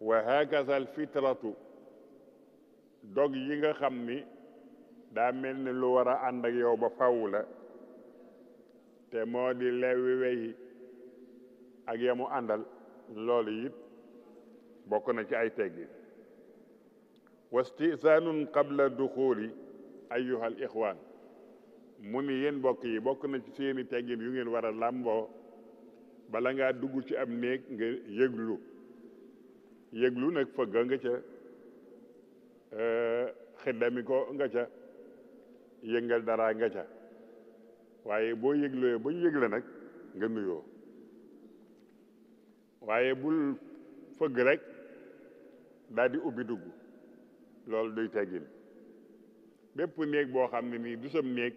wa hakazal fitratu dog yi nga xam ni daa mel ni lu war a ànd ak yow ba faw la te moo di lewi weyi ak yamu àndal loolu it bokk na ci ay teggi wastisanun qabla duxuli ayyuhal ixwaan mu ni yéen bokk yi bokk na ci seeni teggin yu ngeen war a làmboo bala ngaa dugg ci am néeg nga yëglu yëglu nag fëgga nga ca eh, xeddami ko nga ca yëngal dara nga ca waaye boo yëgloo ba ñu yëgle nag nga nuyoo waaye bul fëgg rek daal ubbi dugg loolu duy teggin bépp néeg boo xam ne nii du sam néeg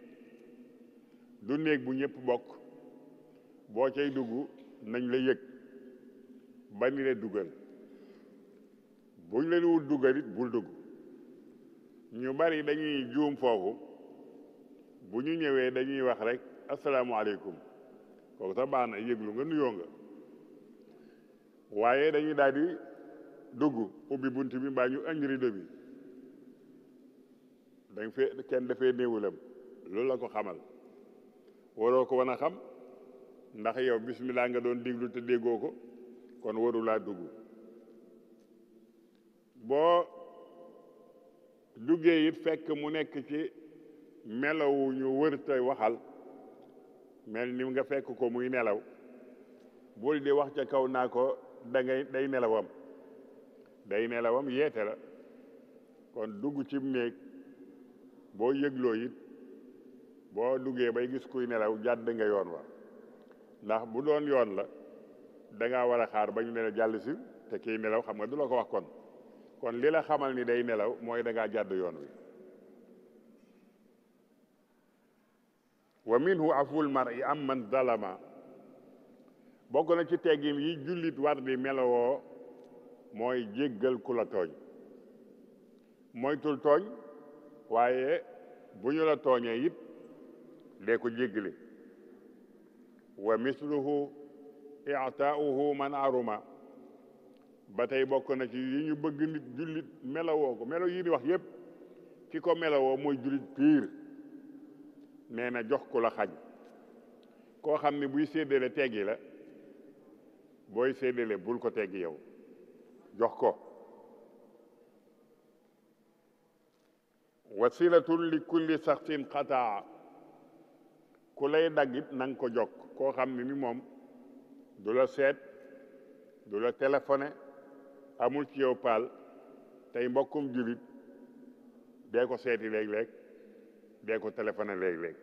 du néeg bu ñëpp bokk boo cay dugg nañ la yëg bañ la dugal buñ la wut dugal bul dugg ñu bari dañuy juum foofu bu ñu ñëwee dañuy wax rek asalaamualeykum kooku sax baax na yëglu nga nuyoo nga waaye dañuy daldi dugg ubbi bunt bi mbaa ñu añ rido bi dañ fee kenn dafee néewulam loolu la ko xamal waroo ko wan xam ndax yow bismillah nga doon diglu te déggoo ko kon warulaa dugg boo duggee it fekk mu nekk ci melawu ñu wërta waxal mel ni nga fekk ko muy nelaw bul di wax ca kaw naa ko da day nelawam day nelawam yeete la kon dugg ci néeg boo yëgloo boo duggee bay gis kuy nelaw jàdd nga yoon wa ndax bu doon yoon la danga war a xaar ba ñu ne la jàll si te kii nelaw xam nga du la ko wax kon kon li la xamal ni day nelaw mooy danga jàdd yoon wi wa minhu aful mar'i am man zalama bokk na ci teggin yi jullit war di melowoo mooy jéggal ku la tooñ moytul tooñ waaye bu ñu la tooñee it dee ko jéggale ومثله اعطاؤه من عرما ba tey bokk na ci yi ñu bëgg nit jullit melawoo ko melaw yi di wax yépp ki ko melawoo mooy jullit piir nee na jox ku la xañ koo xam ni buy séddale teggi la booy séddale bul ko teggi yow jox ko wasilatun li kulli saxsin xataa ku lay daggit na ko jokk koo xam ne ni moom du la seet du la téléphoné amul ci yow paal tey mbokkum jullit bee ko seeti léeg-léeg bee ko téléphoné léeg-léeg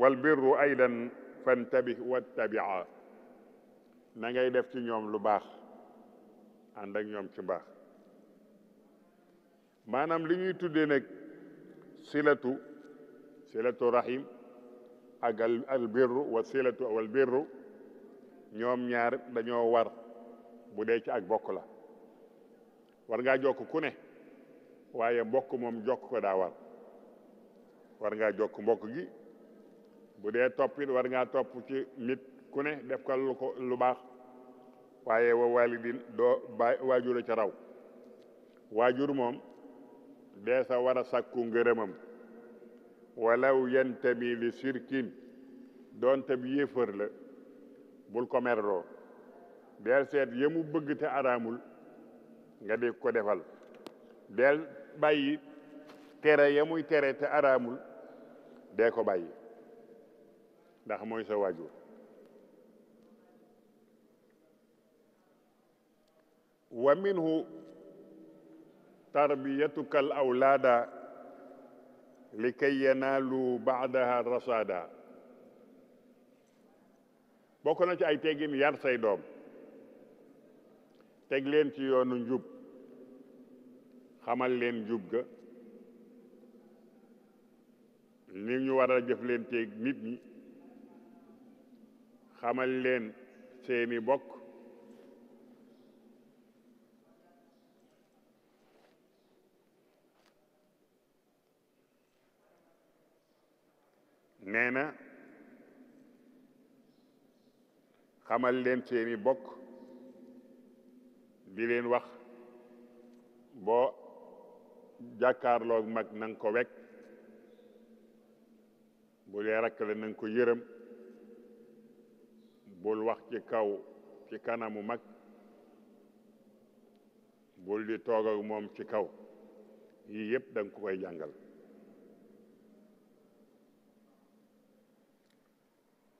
wal birru aydan fantabih wattabia na ngay def ci ñoom lu baax ànd ak ñoom ci baax maanaam li ñuy tuddee nag silatu silatu rahim ak al birru wasilatu aw al birru ñoom ñaar dañoo war bu dee ci ak bokk la war ngaa jokk ku ne waaye bokk moom jokk ko daa war war ngaa jokk mbokk gi bu dee topp war ngaa topp ci nit ku ne def ko lu baax waaye wa walidin doo ba waajur a ca raw waajur moom dee wara war a sàkku walaw yantami li sirkin doonte bi yéefar la bul ko merloo del seet yemu bëgg te araamul nga di ko defal del bàyyi tere ya tere te araamul dee ko bàyyi ndax mooy sa waajur wa minhu tarbiyatuka al awlaada likay yanaalu baadaha rasada bokk ci ay teggin yar say doom teg leen ci yoonu njub xamal leen njub ga ni ñu war a jëf leen teg nit ñi xamal leen seeni bokk nee na xamal leen seeni bokk di leen wax boo jàkkaarloo mag na ko wekk bu dee rakk la na ko yërëm bul wax ci kaw ci kanamu mag bul di toog moom ci kaw yii yëpp da ko koy jàngal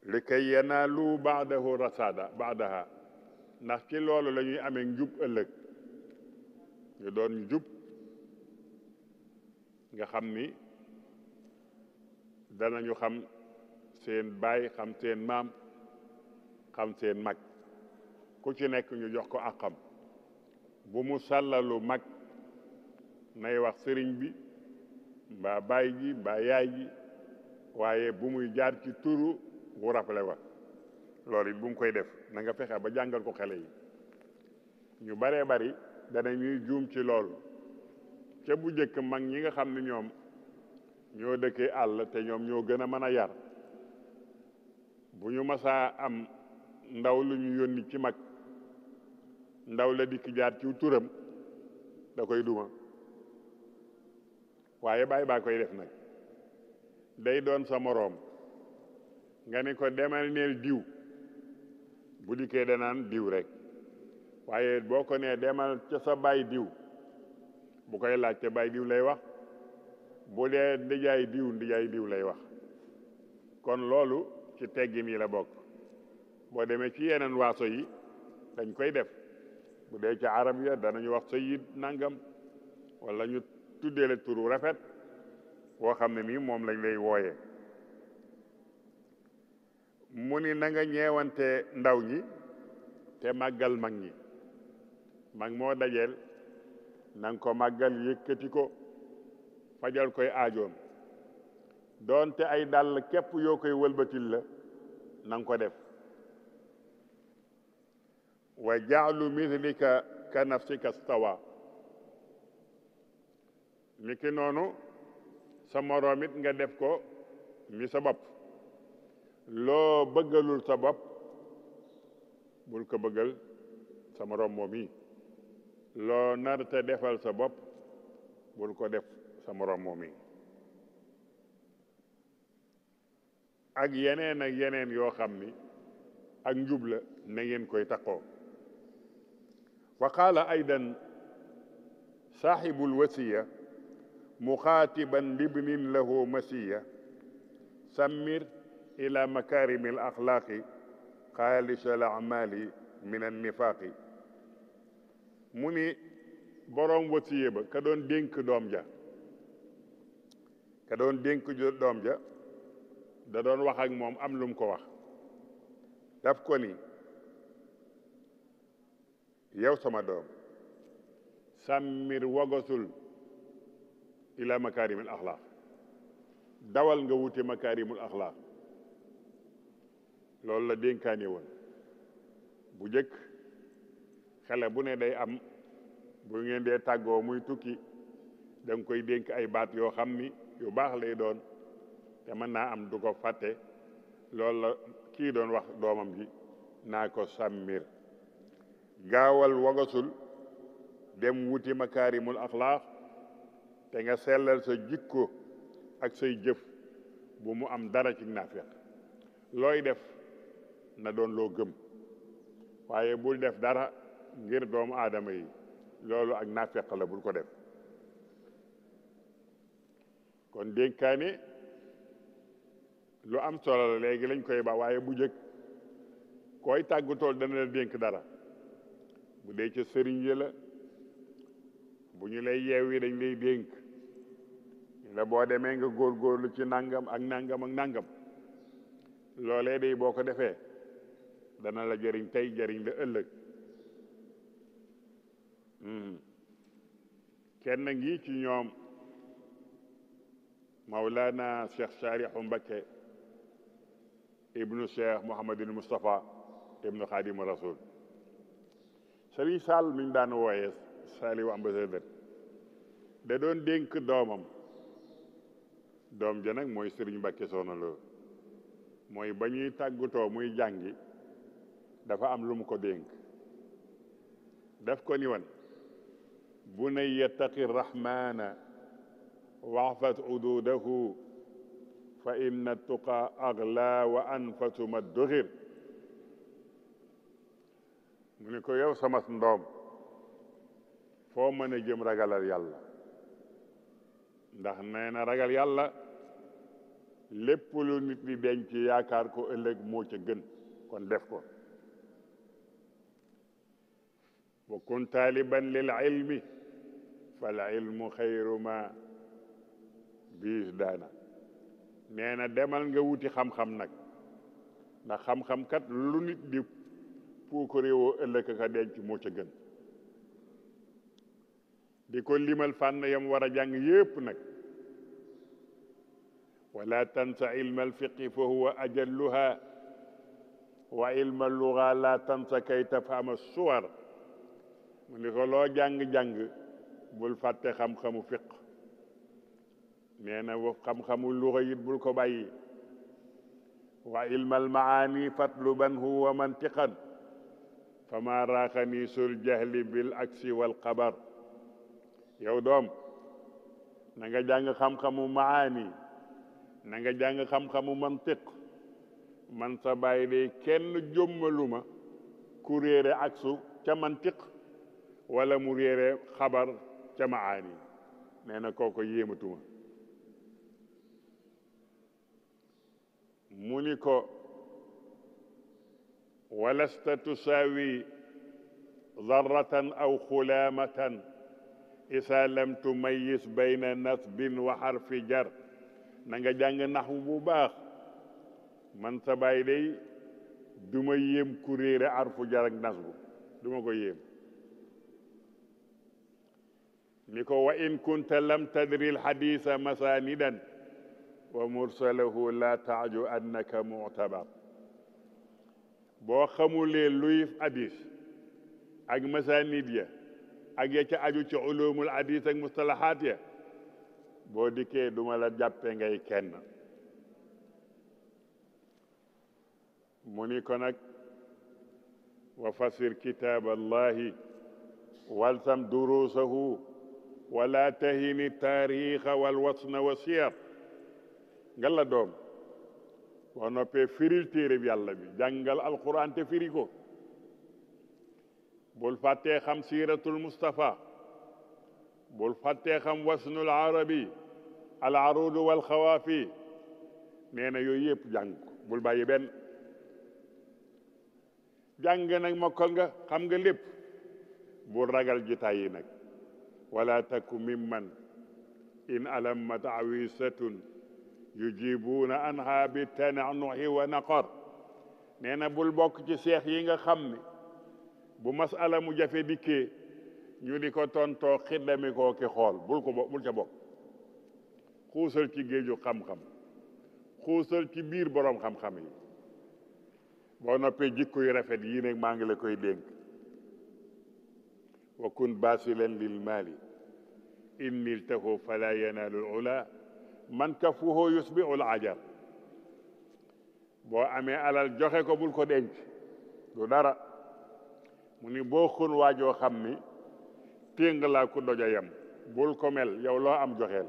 li kay yanaalu baadahu rasada baadaha ndax ci loolu la ñuy amee njub ëllëg ñu doon njub nga xam ni danañu xam seen baay xam seen maam xam seen mag ku ci nekk ñu jox ko àqam bu mu sàllalu mag nay wax sëriñ bi mbaa baay ji mbaa yaay ji waaye bu muy jaar ci turu bu rappelé wa loolu it bu mu koy def na nga fexe ba jàngal ko xale yi ñu baree bari dana ñuy juum ci loolu ca bu jëkk mag ñi nga xam ne ñoom ñoo dëkkee àll te ñoom ñoo gën a mën a yar bu ñu masaa am ndaw lu ñu yónni ci mag ndaw la dikk jaar ci turam da koy duma waaye bàyyi baa koy def nag day doon sa moroom nga ne ko demal neel diw bu dikkee danaan diw rek waaye boo ko nee demal ca sa baay diw bu koy laaj ca baay diw lay wax bu dee ndijaay diw ndijaay diw lay wax kon loolu ci teggin yi la bokk boo demee ci yeneen waaso yi dañ koy def bu dee ca arab ya danañu wax sa yit nangam wala ñu tuddee la turu rafet woo xam ne mii moom lañ lay wooye mu ni nanga nga ñeewante ndaw ñi te màggal mag ñi mag moo dajeel na nga ko màggal yëkkati ko fajal koy aajoom doonte ay dàll képp yoo koy wëlbatil la na ko def wa jaalu mithlika ka nafsika stawa niki noonu sa moroom it nga def ko mi sa bopp loo bëggalul sa bopp bul ko bëggal sa morom moom yi loo nar te defal sa bopp bul ko def sa morom moom yi ak yeneen ak yeneen yoo xam ni ak njubla la na ngeen koy taqoo wa qaala aydan saaxibul wasiya muxaatiban libnin lahu masiya sammir ila makarimi al axlaaqi xaalisu al amali min an nifaaqi mu ni boroom wasiye ba ka doon dénk doom ja ka doon dénk doom ja da doon wax ak moom am lu mu ko wax daf ko ni yow sama doom sàmmir wagasul ila makarimul axlaaq dawal nga wuti makarimul axlaaq loolu la dénkaane woon bu jëkk xele bu ne day am bu ngeen de tàggoo muy tukki da koy dénk ay baat yoo xam ni yu baax lay doon te mën naa am du ko fàtte loolu la kii doon wax doomam gi naa ko sàmmir gaawal wagasul dem wuti makaarimul axlaaq te nga sellal sa jikko ak say jëf bu mu am dara ci naafiq looy def na doon loo gëm waaye bul def dara ngir doomu aadama yi loolu ak naafeq la bul ko def kon dénkaane lu am solo la léegi lañ koy ba waaye bu jëkk koy tàggu tool dana la dénk dara bu dee ca sëriñ yi la bu ñu lay yeewi dañ lay dénk la boo demee nga góor góorgóorlu ci nangam ak nangam ak nangam loolee day boo ko defee dana la jariñ tey jariñ la ëllëg hmm. kenn ngi ci ñoom Mawlana Cheikh Saarixu Mbakke ibnu Cheikh Mouhamadul Moustapha ibnu Xaadimu Rasul Sëriñ Sall mi ñu daan wooyee Sali wa ambassadeur da doon dénk doomam doom ja nag mooy Sëriñ Mbakke Soxna Lo mooy ba ñuy tàggutoo muy jàngi dafa am lu mu ko dénk daf ko ni woon bu nay yattaqi rahmana waxfat ududahu fa inna tuqa agla wa anfatu ma duxir mu ne ko yow sama ndoom foo mën a jëm ragalal yàlla ndax nee na ragal yàlla lépp lu nit bi denc yaakaar ko ëllëg moo ca gën kon def ko wa kun taaliban lil ilmi fal ilmu xayru ma biis daana nee na demal nga wuti xam-xam nag ndax xam-xam kat lu nit di pou ko réewoo ka denc moo ca di ko limal fànn yam war a jàng yépp nag wala tansa ilma alfiqi fa huwa ajalluha wa ilma alluga la tansa kay tafhama suwar mu ni loo jàng-jàng bul fàtte xam-xamu fiq nee na xam-xamu luxa yit bul ko bàyyi wa ilmal maani fatlubanhu wa mantiqan fama raaxani sul jahli bil aksi wal xabar yow doom nanga jàng xam-xamu maani na nga jàng xam-xamu mantiq man sa bàyyi day kenn jommaluma kuréere aksu ca mantiq wala mu réere xabar ca maani nee na kooko yéematuma mu ni ko walasta tusaawi zarratan aw xulaamatan isa lam tumayis bayna nasbin wa xarfi jar na nga jàng naxwu bu baax man sa baay day du ma yéem ku réere arfu jar ak nasbu du ma ko li ko wa in kunta lam tadri alxadisa masanidan wa mursalahu la taaju annaka mu'tabar boo xamulee luy hadis ak masanid ya ak ya aju ci ulumul hadis ak mustalahaat ya boo dikkee duma la jàppe ngay kenn mu ni ko nag wa fasir kitab allahi walsam duruusahu ولا تهن التاريخ والوطن والسير ngalla doom boo noppee firil téere bi yàlla bi jàngal alquran te firi ko bul fàttee xam siiratul Mustafa bul fàttee xam wasnul arabi al arudu wal xawaafi nee na yooyu yëpp jàng ko bul bàyyi benn jàng nag mokkal nga xam nga lépp bul ragal jitaay yi nag ولا تك ممن إن ألمت عويسة يجيبون عنها بالتنعنع ونقر nee na bul bokk ci seex yi nga xam ne bu masala mu jafe dikkee ñu di ko tontoo xiddami koo ki xool bul ko bul ca bokk xuusal ci géeju xam-xam xuusal ci biir boroom xam-xam yi boo noppee jikko yu rafet yii nag maa ngi la koy dénk wa kun basilan lil mali in niltahu fala yanaalu l ula man kafuhu yusbiu l ajar boo amee alal joxe ko bul ko denc du dara mu ni boo xun waajoo xam ni téng laa ku doja yam bul ko mel yow loo am joxeel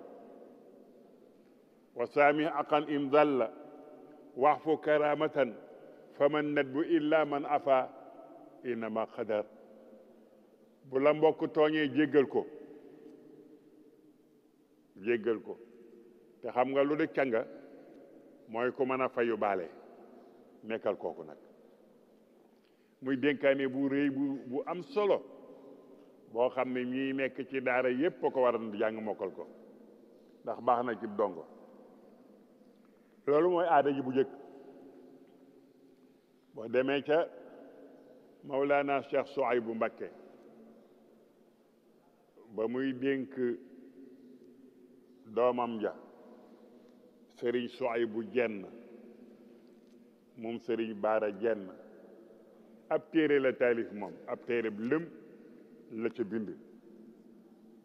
wa saami aqan in dalla wax fu karamatan fa man nadbu illa man afa innama qadar bu la mbokk tooñee jéggal ko jéggal ko te xam nga lu de canga mooy ku mën a fayu baale nekkal kooku nag muy dénkaane bu rëy bu bu am solo boo xam ne ñiy nekk ci daara yépp ko waral jàng mokkal ko ndax baax na ci dongo loolu mooy aada ji bu njëkk boo demee ca naa Mawlaana Cheikh bu Mbacké ba muy dénk doomam ja sëriñ bu jenn moom sëriñ Baara jenn ab téere la taalif moom ab téere bu la ca bind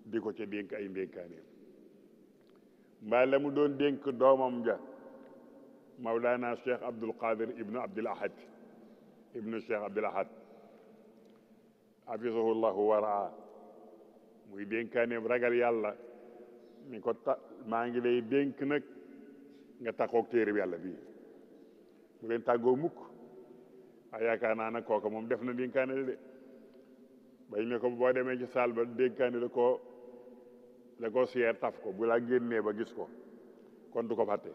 di ko ca dénk ay ndénkaaneem mbaa la mu doon dénk doomam ja Mawlana Cheikh Abdul Qadir ibnu Abdul Ahad ibnu Cheikh Abdul Ahad hafizahullahu waraa muy dénkaaneem ragal yàlla ni ko ta maa ngi lay dénk nag nga taxoog téere bi yàlla bii bu leen tàggoo mukk waaye ah, yaakaar naa nag kooka moom def na dénkaane la de bañ ne ko boo demee ci saal ba dénkaane da koo da taf ko bu laa génnee ba gis ko kon du ko fàtte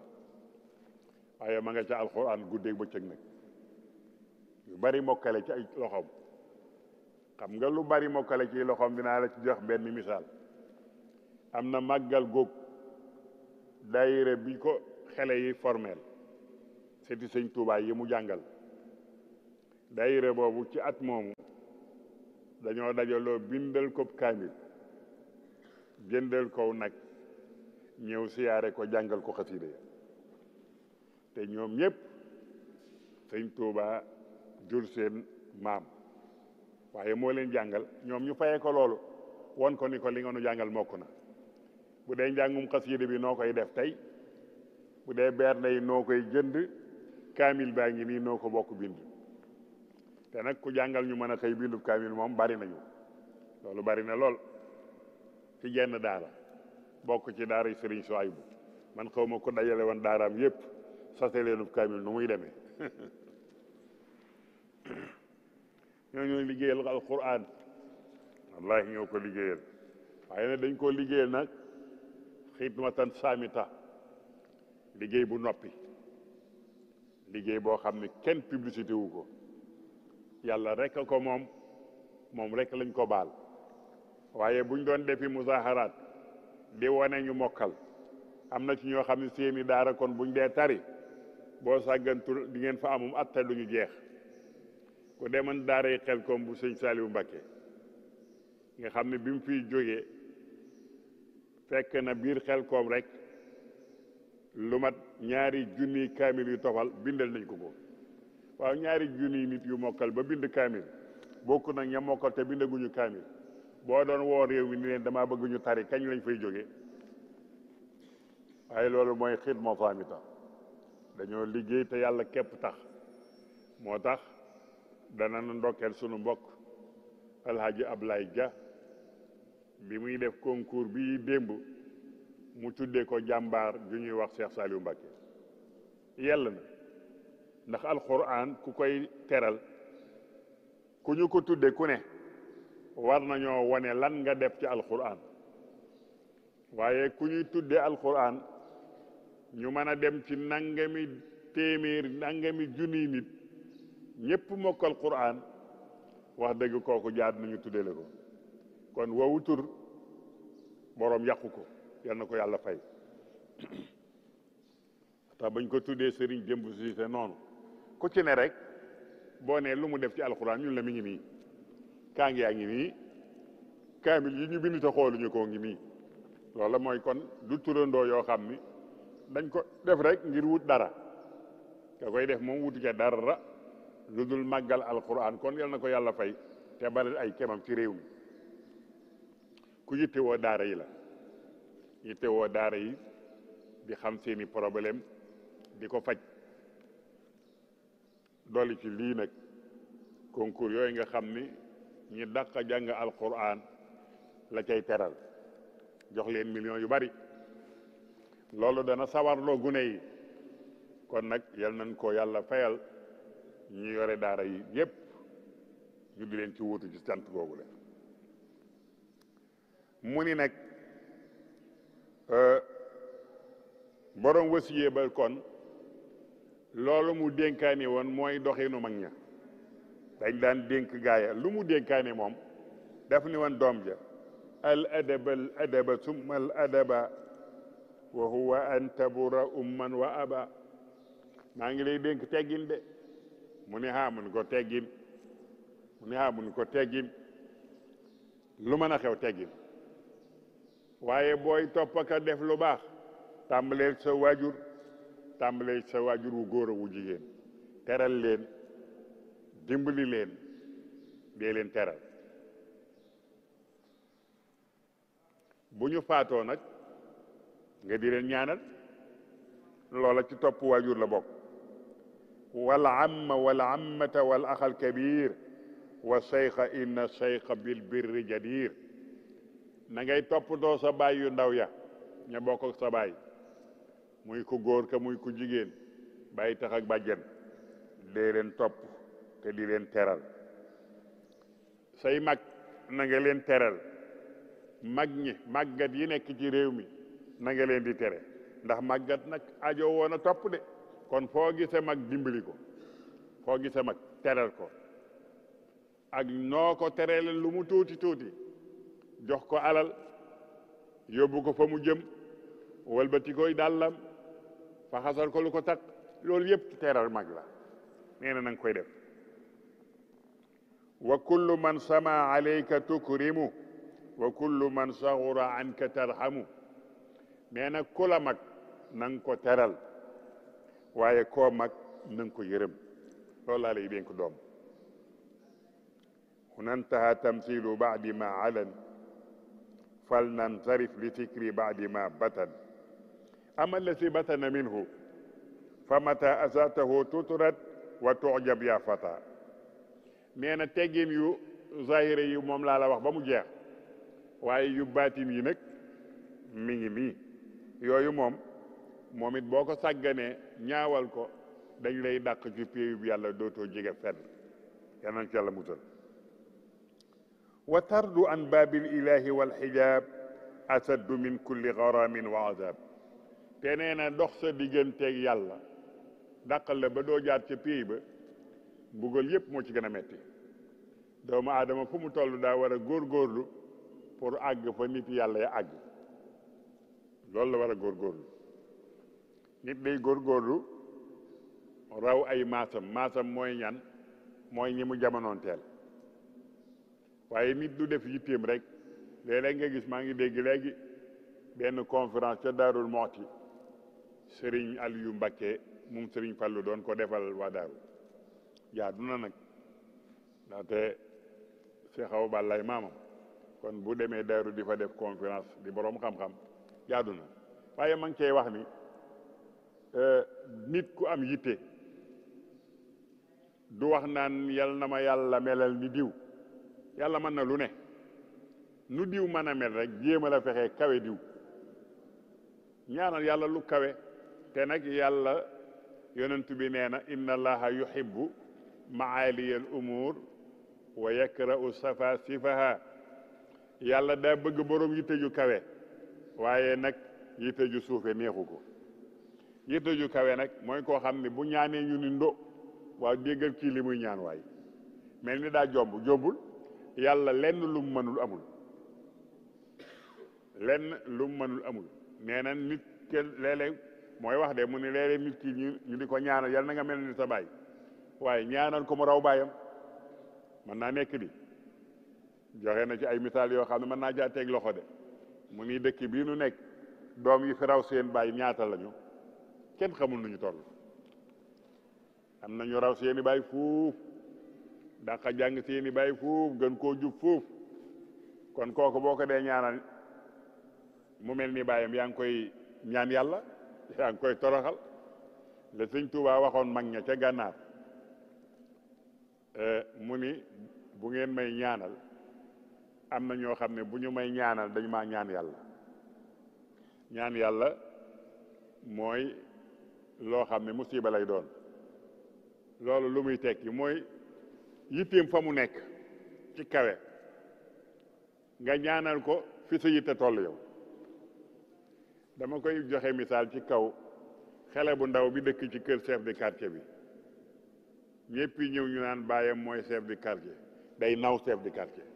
waaye ma nga ca alxuraan guddeeg bëccëg nag yu bari mokkale ci ay loxoom xam nga lu bari mokkale ci loxoom dinaa la ci jox benn misaal am na màggal góog daayira bi ko xele yi formel seti sëñ Tuubaa yi mu jàngal daayira boobu ci at moomu dañoo dajaloo bindal ko kaamil jëndal kow nag ñëw siyaare ko jàngal ko xasida ya te ñoom ñëpp sëñ Tuubaa jur seen maam waaye moo leen jàngal ñoom ñu fayee ko loolu won ko ni ko li nga nu jàngal mokk na bu dee njàngum xasida bi noo koy def tey bu dee bernde yi noo koy jënd kaamil baa ngi nii noo ko bokk bind te nag ku jàngal ñu mën a xëy bindub kaamil moom bari nañu loolu bari na lool ci jenn daara bokk ci daar daara sëriñ Suwaybu man xaw ma ko dajale daaraam yépp sase leenub kaamil nu muy demee *laughs* ñoo ñoo liggéeyal alquran wallahi ñoo ko liggéeyal waaye nag dañ koo liggéeyal nag xidmatan saamita liggéey bu noppi liggéey boo xam ne kenn publicité wu ko yàlla rek ko moom moom rek lañ ko baal waaye buñ doon defi musaaharaat di wane ñu mokkal am na ci ñoo xam ne seeni daara kon buñ dee tari boo sàggantu di ngeen fa amum atte lu ñu jeex ku deman daaray xel koom bu sëñ Saliou Mbacké nga xam ne bi mu fiy jógee fekk na biir xel koom rek lu mat ñaari junniy kaamil yu tofal bindal nañ ko ko waaw ñaari junniy nit yu mokkal ba bind kaamil bokk nag ña mokkal te bindaguñu kaamil boo doon woo réew mi ni leen damaa bëgg tari kañ lañ fay jóge waaye loolu mooy xidma faamita dañoo liggéey te yàlla képp tax moo tax dana nu ndokkeel sunu mbokk alhaji Ablaye ja bi muy def concours bi démb mu tudde ko jàmbaar ju ñuy wax Cheikh Saliou Mbacké yell na ndax alquran ku koy teral ku ñu ko tudde ku ne war nañoo wone lan nga def ci alquran waaye ku ñuy tuddee alquran ñu mën a dem ci nangami téeméer nangami junniy nit ñëpp mokkal quraan wax dëgg kooku jaad nañu tuddele ko kon woowu tur boroom yàqu ko yal na ko yàlla fay tax bañ ko tuddee sëriñ démb siise noonu ku ci ne rek boo nee lu mu def ci alxuraan ñun la mi ngi nii yaa ngi nii kaamil yi ñu bind te xooluñu koo ngi nii loola mooy kon du turandoo yoo xam ni dañ ko def rek ngir wut dara ka koy def moom wutu ca dara lu dul màggal alquran kon yal na ko yàlla fay te bari ay kemam ci réew mi ku yitte woo daara yi la yitte woo daara yi di xam seeni problème di ko faj dolli ci lii nag concours yooyu nga xam ni ñi dàq jàng alquran la cay teral jox leen millions yu bari loolu dana sawarloo gune yi kon nag yal nañ ko yàlla fayal ñu yore daara yi yépp ñu di leen ci wóotu ci cant googu la mu ni nag euh, borom wasiyee ba kon loolu mu dénkaane woon mooy doxinu mag ña dañ daan dénk gaaya lu mu dénkaane moom daf ni woon doom ja al adaba al adaba summa al adaba wa huwa an wa aba maa ngi lay dénk teggin de mu ni haa mun ko teggin mu ni haa mun ko teggin lu mën a xew teggin waaye booy topp ak def lu baax tàmbaleel sa waajur tàmbaleel sa waajur wu góor wu jigéen teral leen dimbali leen dee leen teral bu ñu faatoo nag nga di ñaanal loola ci topp waajur la bokk والعم والعمة والأخ الكبير والشيخ إن الشيخ بالبر جدير na ngay toppatoo sa baay yu ndaw ya ña bokk ak sa baay muy ku góor ka muy ku jigéen bay tax ak bàjjen dee topp te di leen teral say mag na leen teral mag ñi màggat yi nekk ci réew mi na nga leen di tere ndax màggat nag ajo woon topp de kon foo gisee mag dimbali ko foo gisee mag teral ko ak noo ko terele lu mu tuuti tuuti jox ko alal yóbbu ko fa mu jëm walbati koy dàllam fa xasal ko lu ko takk loolu yëpp teral mag la nee na koy def wa kullu man sama alayka tukrimu wa kullu man saxura anka tarhamu nee na ku mag nanga ko teral waaye koo mag na nga ko yërëm loolu laa lay dénk doom hun antaha tamthilu baadi ma alan fal nansarif li fikri baadi ma batan ama allati batana minhu fa mata asatahu tuturat wa tujab ya fata nee na teggin yu zahira yi moom laa la wax ba mu jeex waaye yu baatin yi nag mi ngi mii yooyu moom moom it boo ko sàgganee ñaawal ko dañ lay dàq ci péeyub yàlla dootoo jege fenn yanan ci yàlla musal wa tardu an baabil ilahi wal xijaab asaddu min kulli garamin wa azab te nee na dox sa digganteeg yàlla dàqal la ba doo jaar ca péey ba mbugal yépp moo ci gën a metti doomu aadama fu mu toll daa war a góorlu pour àgg fa nit yàlla ya àgg loolu la war a góorgóorlu nit day góorgóorlu raw ay maasam maasam mooy ñan mooy ñi mu waaye nit du def yitteem rek léeg nga gis maa ngi dégg léegi benn conférence ca Daarul Moxti Sëriñ Aliyu Mbakke moom Sëriñ Fallu doon ko defal waa Daaru jaadu na nag ndaxte Seexaw Bàllaay maamam kon bu demee Daaru di fa def confrence di boroom xam-xam jaadu na waaye ma ngi wax ni Euh, nit ku am yitte du wax naan yal na ma yàlla melal ni diw yàlla mën na lu ne nu diw mën a mel rek jéem a la fexe kawe diw ñaanal yàlla lu kawe te nag yàlla yonent bi nee na inna yu yuhibbu maaliya al umur wa yakrau safa sifaha yàlla daa bëgg borom yitte ju kawe waaye nag yitte ju suufe neexu ko yitte ju kawe nag mooy koo xam ne bu ñaanee ñu ni ndo waaw déggal kii li muy ñaan waay mel ni daa jomb jombul yàlla lenn lum mu mënul amul lenn lu mu mënul amul nee na nit ke léeg mooy wax de mu ni léeg-léeg nit ki ñu ñu di ko ñaanal yal na nga mel ni sa baay waaye ñaanal ko mu raw baayam mën naa nekk di joxe na ci ay misaal yoo xam ne mën naa jaa teeg loxo de mu ni dëkk bii nu nekk doom yi fi raw seen baay ñaata lañu kenn xamul nañu ñu am na ñu raw seeni baay fuuf dàqa jàng seeni baay fuuf gën koo jub fuuf kon kooku boo ko dee ñaanal mu mel ni baayam yaa ngi koy ñaan yàlla yaa ngi koy toroxal le sëñ Tuubaa waxoon mag ña ca gànnaar eh, mu ni bu ngeen may ñaanal am na ñoo xam ne bu ñu may ñaanal dañu maa ñaan yàlla ñaan yàlla mooy loo xam ne musiba lay doon loolu lu muy tekki mooy yitteem fa mu nekk ci kawe nga ñaanal ko fi sa yitte toll yow dama koy joxe misaal ci kaw xele bu ndaw bi dëkk ci kër chef de quartier bi ñëpp ñëw ñu naan bàyyam mooy chef de quartier day naw chef de quartier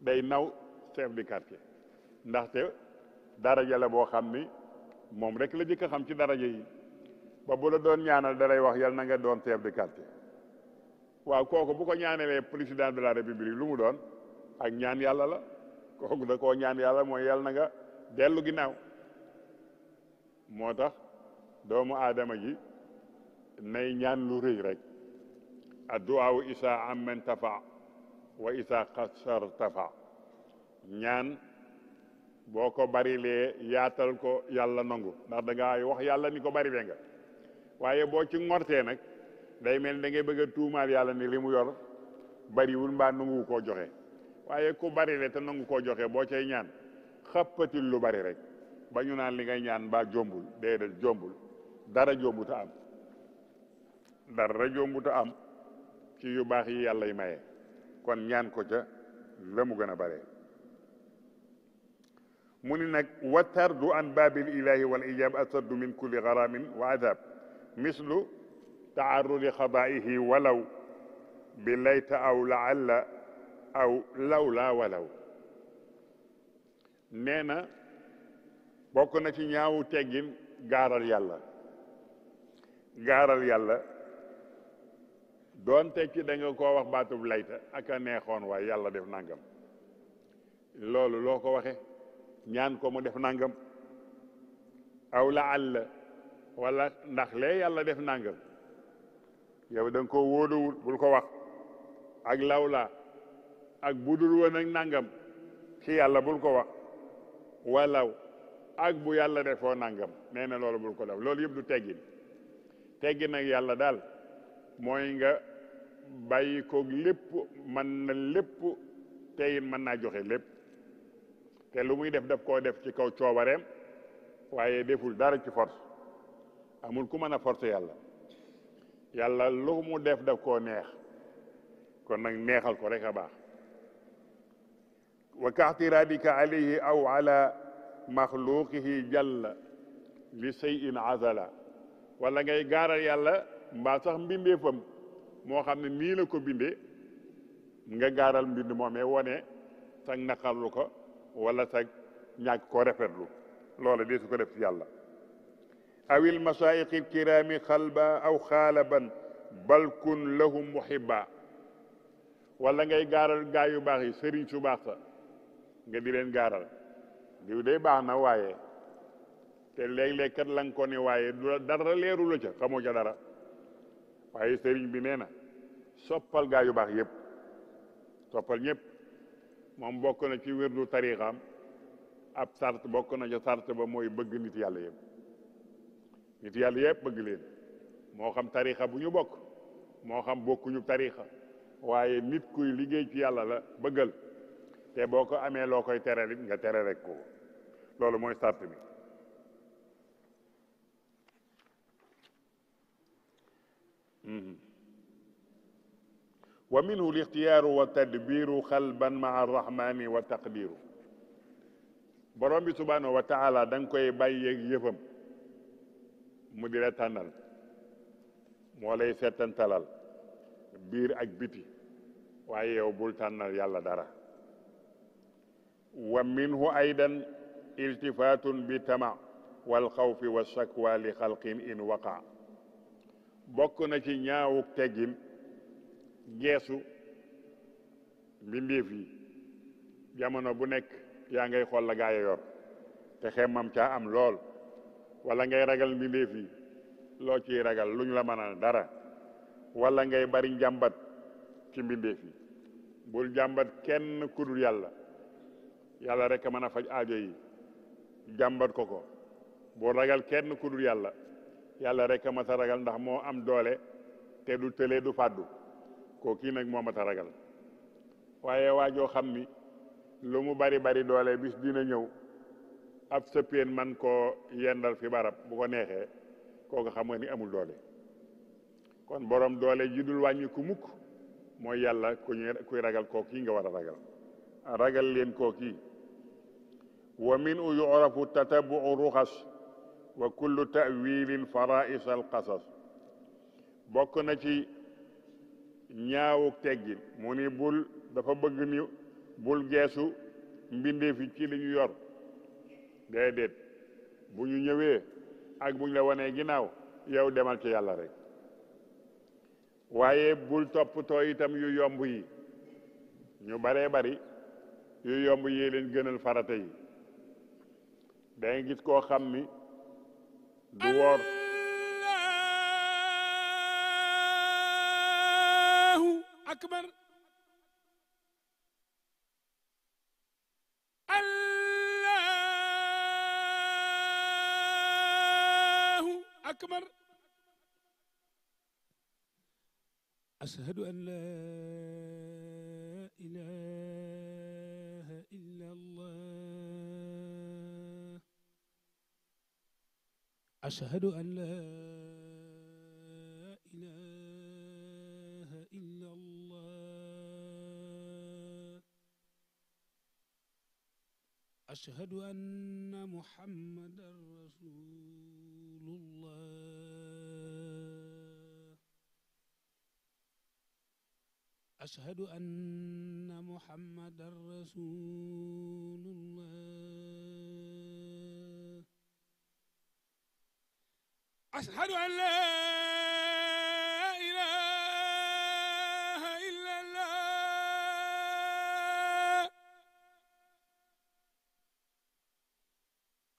day naw chef de ndaxte dara jala boo xam ni moom rek la jëkk a xam ci daraja yi ba bu la doon ñaanal daray wax yal na nga doon chef de quartier waaw kooku bu ko ñaanalee président de la république lu mu doon ak ñaan yàlla la kooku da koo ñaan yàlla mooy yal na nga dellu ginnaaw moo tax doomu aadama ji nay ñaan lu rëy rek adduwaawu isaa amman tafa wa isaa xasar tafa ñaan boo ko barilee yaatal ko yàlla nangu ndax da wax yàlla ni ko bari bee nga waaye boo ci ngortee nag day mel da ngay bëgg a tuumaal yàlla ni li mu yor bariwul mbaa nangu koo joxe waaye ku barile te nangu koo joxe boo cay ñaan xappatil lu bari rek ba ñu naan li ngay ñaan mbaa jombul déedéet jombul dara jombuta am dara jombuta am ci yu baax yi yàlla yi maye kon ñaan ko ca la mu gën a bare mu ni nag wa tardu an baabil ilahi wal ijab asaddu min kulli garamin wa adab mislu taarudi xabaihi law bi layta aw laalla aw lawla walaw nee na bokk na ci ñaawu teggin gaaral yàlla gaaral yàlla doon tekki da nga koo wax baatub layta ak a neexoon waaye yàlla def nangam loolu loo ko waxe ñaan ko mu def nangam aw la àll wala ndax lee yàlla def nangam yow da nga koo wóoluwul bul ko wax ak la ak budul woon ak nangam ci yàlla bul ko wax walaw ak bu yàlla defoo nangam nee na loolu bul ko daw loolu yëpp du teggin teggin ak yàlla daal mooy nga bàyyi ko lépp mën na lépp tey mën naa joxe lépp te lu muy def daf koo def ci kaw coobareem waaye deful dara ci force amul ku mën a force yàlla yàlla lu mu def daf koo neex kon nag neexal ko rek a baax wa kaxtiradika alayhi aw ala maxluqihi jalla li seyin azala walla ngay gaaral yàlla mbaa sax mbindeefam moo xam ne nii la ko binde nga gaaral mbind moomee wone sag naqarlu ko wala sa ñàkk ko rafetlu loola dee su ko def ci yàlla awil masaayiqi kiraami xalba aw xaalaban bal kun lahum muhibba wala ngay gaaral gaa yu baax yi sëriñ su baax sa nga di leen gaaral diw day baax na waaye te léeg-léeg kat la nga waaye du dara leeru la ca xamoo dara waaye sëriñ bi nee na soppal gaa yu baax yëpp soppal ñëpp moom bokk na ci wér wérdu tarixam ab sart bokk na ca sart ba mooy bëgg nit yàlla yëpp nit yàlla yëpp bëgg leen moo xam tariixa bu ñu bokk moo xam bokkuñu tarixa waaye nit kuy liggéey ci yàlla la bëggal te boo ko amee loo koy tere nga tere rek ko loolu mooy sart bi mhm. wa minhu lixtiyaaru wa tadbiru xalban maa arrahmani wa taqdiru borom bi subhanahu wa taala da nga koy bàyyeeg yëfam mu di la tànnal moo lay settantalal biir ak biti waaye yow bul tànnal yàlla dara wa minhu aydan iltifatun bi tama wal xawfi wa shakwa li xalqin in waqa bokk na ci ñaawuk teggin geesu mbindéef yi jamono bu nekk yaa ngay xool la gaa yi yor te xemmam caa am lool wala ngay ragal mbindéef yi loo ciy ragal luñ la mënal dara walla ngay bari njàmbat ci mbindéef bu jàmbat kenn ku dul yàlla yàlla rek a mën a faj aajo yi jàmbat ko ko bul ragal kenn kudul yàlla yàlla rek a mas a ragal ndax moo am doole te du tëlee du fàddu koo kii nag moo mat ragal waaye waajoo xam ni lu mu bari bari doole bis dina ñëw ab sëppeen man koo yendal fi barab bu ko neexee kooku xam nga amul doole kon boroom doole ji dul wàññi ku mooy yàlla ku kuy ragal koo kii nga war a ragal ragal leen koo kii wa min u yurafu tatabuu ruxas wa kullu tawilin faraisa alqasas bokk na ci ñaawuk teggin mu ni bul dafa bëgg ni bul geesu mbindeef yi ci li ñu yor déedéet bu ñu ñëwee ak bu la wanee ginnaaw yow demal ci yàlla rek waaye bul toppatoo yitam yu yomb yi ñu baree bari yu yomb yi leen gënal farata yi da nga gis koo xam mi du woor akbar allahu akbar ashhadu an la ilaha illa allah ashhadu an la ashhadu anna muhammadan rasulullah ashhadu anna muhammadan rasulullah ashhadu an la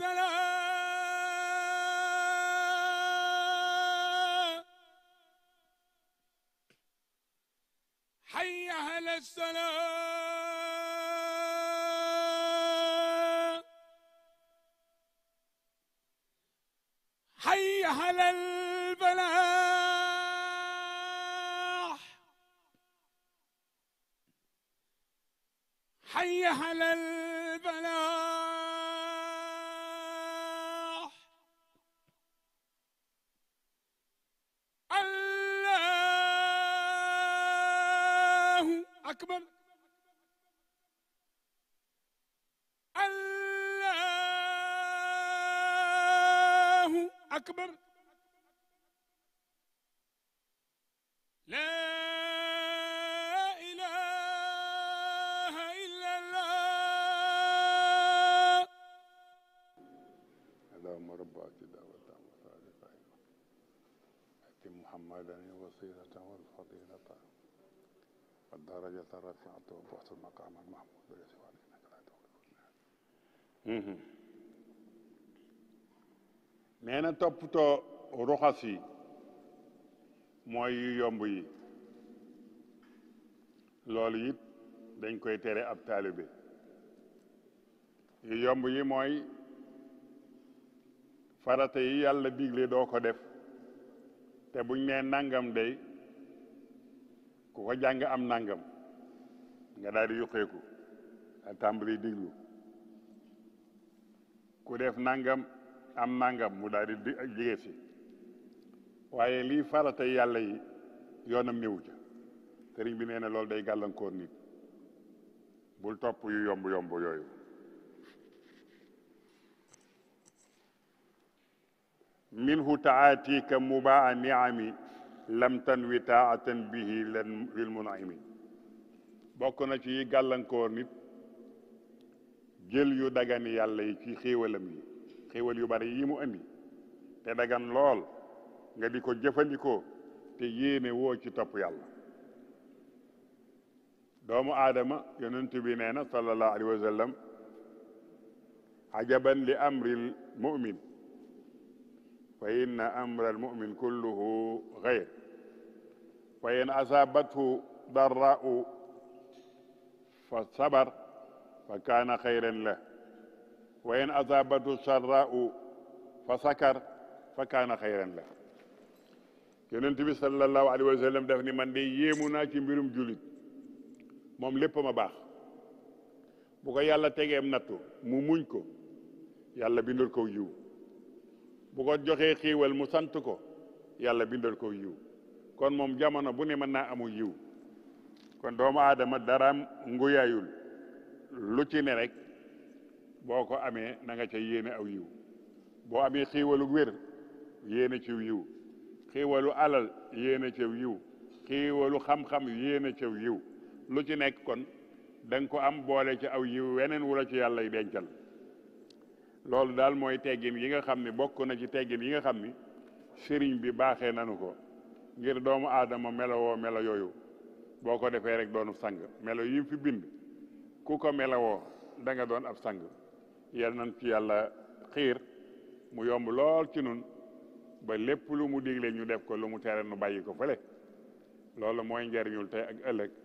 الصلاة حي على الصلاة حي على الصلاة akbar laa ilaaha illallaah allahumma rabba aati daawata mutaali qaa'ima ati muhammadan wasilata wal fadilata والدرجة الرفيعة وبعث المقام المحمود nee na toppatoo ruxas yi mooy yu yomb yi loolu it dañ koy tere ab taalibe yu yomb yi mooy farata yi yàlla digle doo ko def te buñ nee nangam day ku ko jàng am nangam nga daal di yuqeeku a tàmbali diglu ku def nangam am nangam mu daal di jege si waaye lii farata yàlla yoona yoonam néew ca sëriñ bi nee na loolu day gàllankoor nit bul topp yu yomb yomb yooyu minhu taatika mubaa niami lam tanwi taatan bihi lil munami bokk na ci gàllankoor nit jël yu dagani yàlla ci xéewalam yi xéewal yu bari yi mu andi te dagan lool nga di ko jëfandikoo te yéene woo ci topp yàlla doomu aadama yonent bi nee na sallallahu alayhi wa sallam ajaban li amril mu'min fa inna amral mu'min kulluhu xayr fa in asabathu darra'u fa sabar fa kaana xayran la wa in asabatu sarra'u fa sakar fa kaana xayran la yonent bi sallallahu alayhi wa sallam daf ni man de yéemu naa ci mbirum jullit moom lépp baax bu ko yàlla tegeem nattu mu muñ ko yàlla bindal ko yiw bu ko joxee xiiwal mu sant ko yàlla bindal ko yiw kon moom jamono bu ne mën naa amul yiw kon doomu aadama daraam nguyaayul lu ci rek boo ko amee nanga nga ca yéene aw yiw boo amee xiiwalu wér yéene ciw yiw xiiwalu alal yéene ciw yiw xiiwalu xam-xam yéene ciw yiw lu ci nekk kon da ko am boole ci aw yiw weneen wula ci yàlla y dencal loolu daal mooy teggin yi nga xam ni bokk na ci teggin yi nga xam ni sëriñ bi baaxee nanu ko ngir doomu aadama melowoo melo yooyu boo ko defee rek doonu sang melo yi fi bind ku ko melowoo danga doon ab sang yal nañ ci yàlla xiir mu yomb lool ci nun ba lépp lu mu digle ñu def ko lu mu tere nu bàyyi ko fële loolu mooy njariñul te ak ëllëg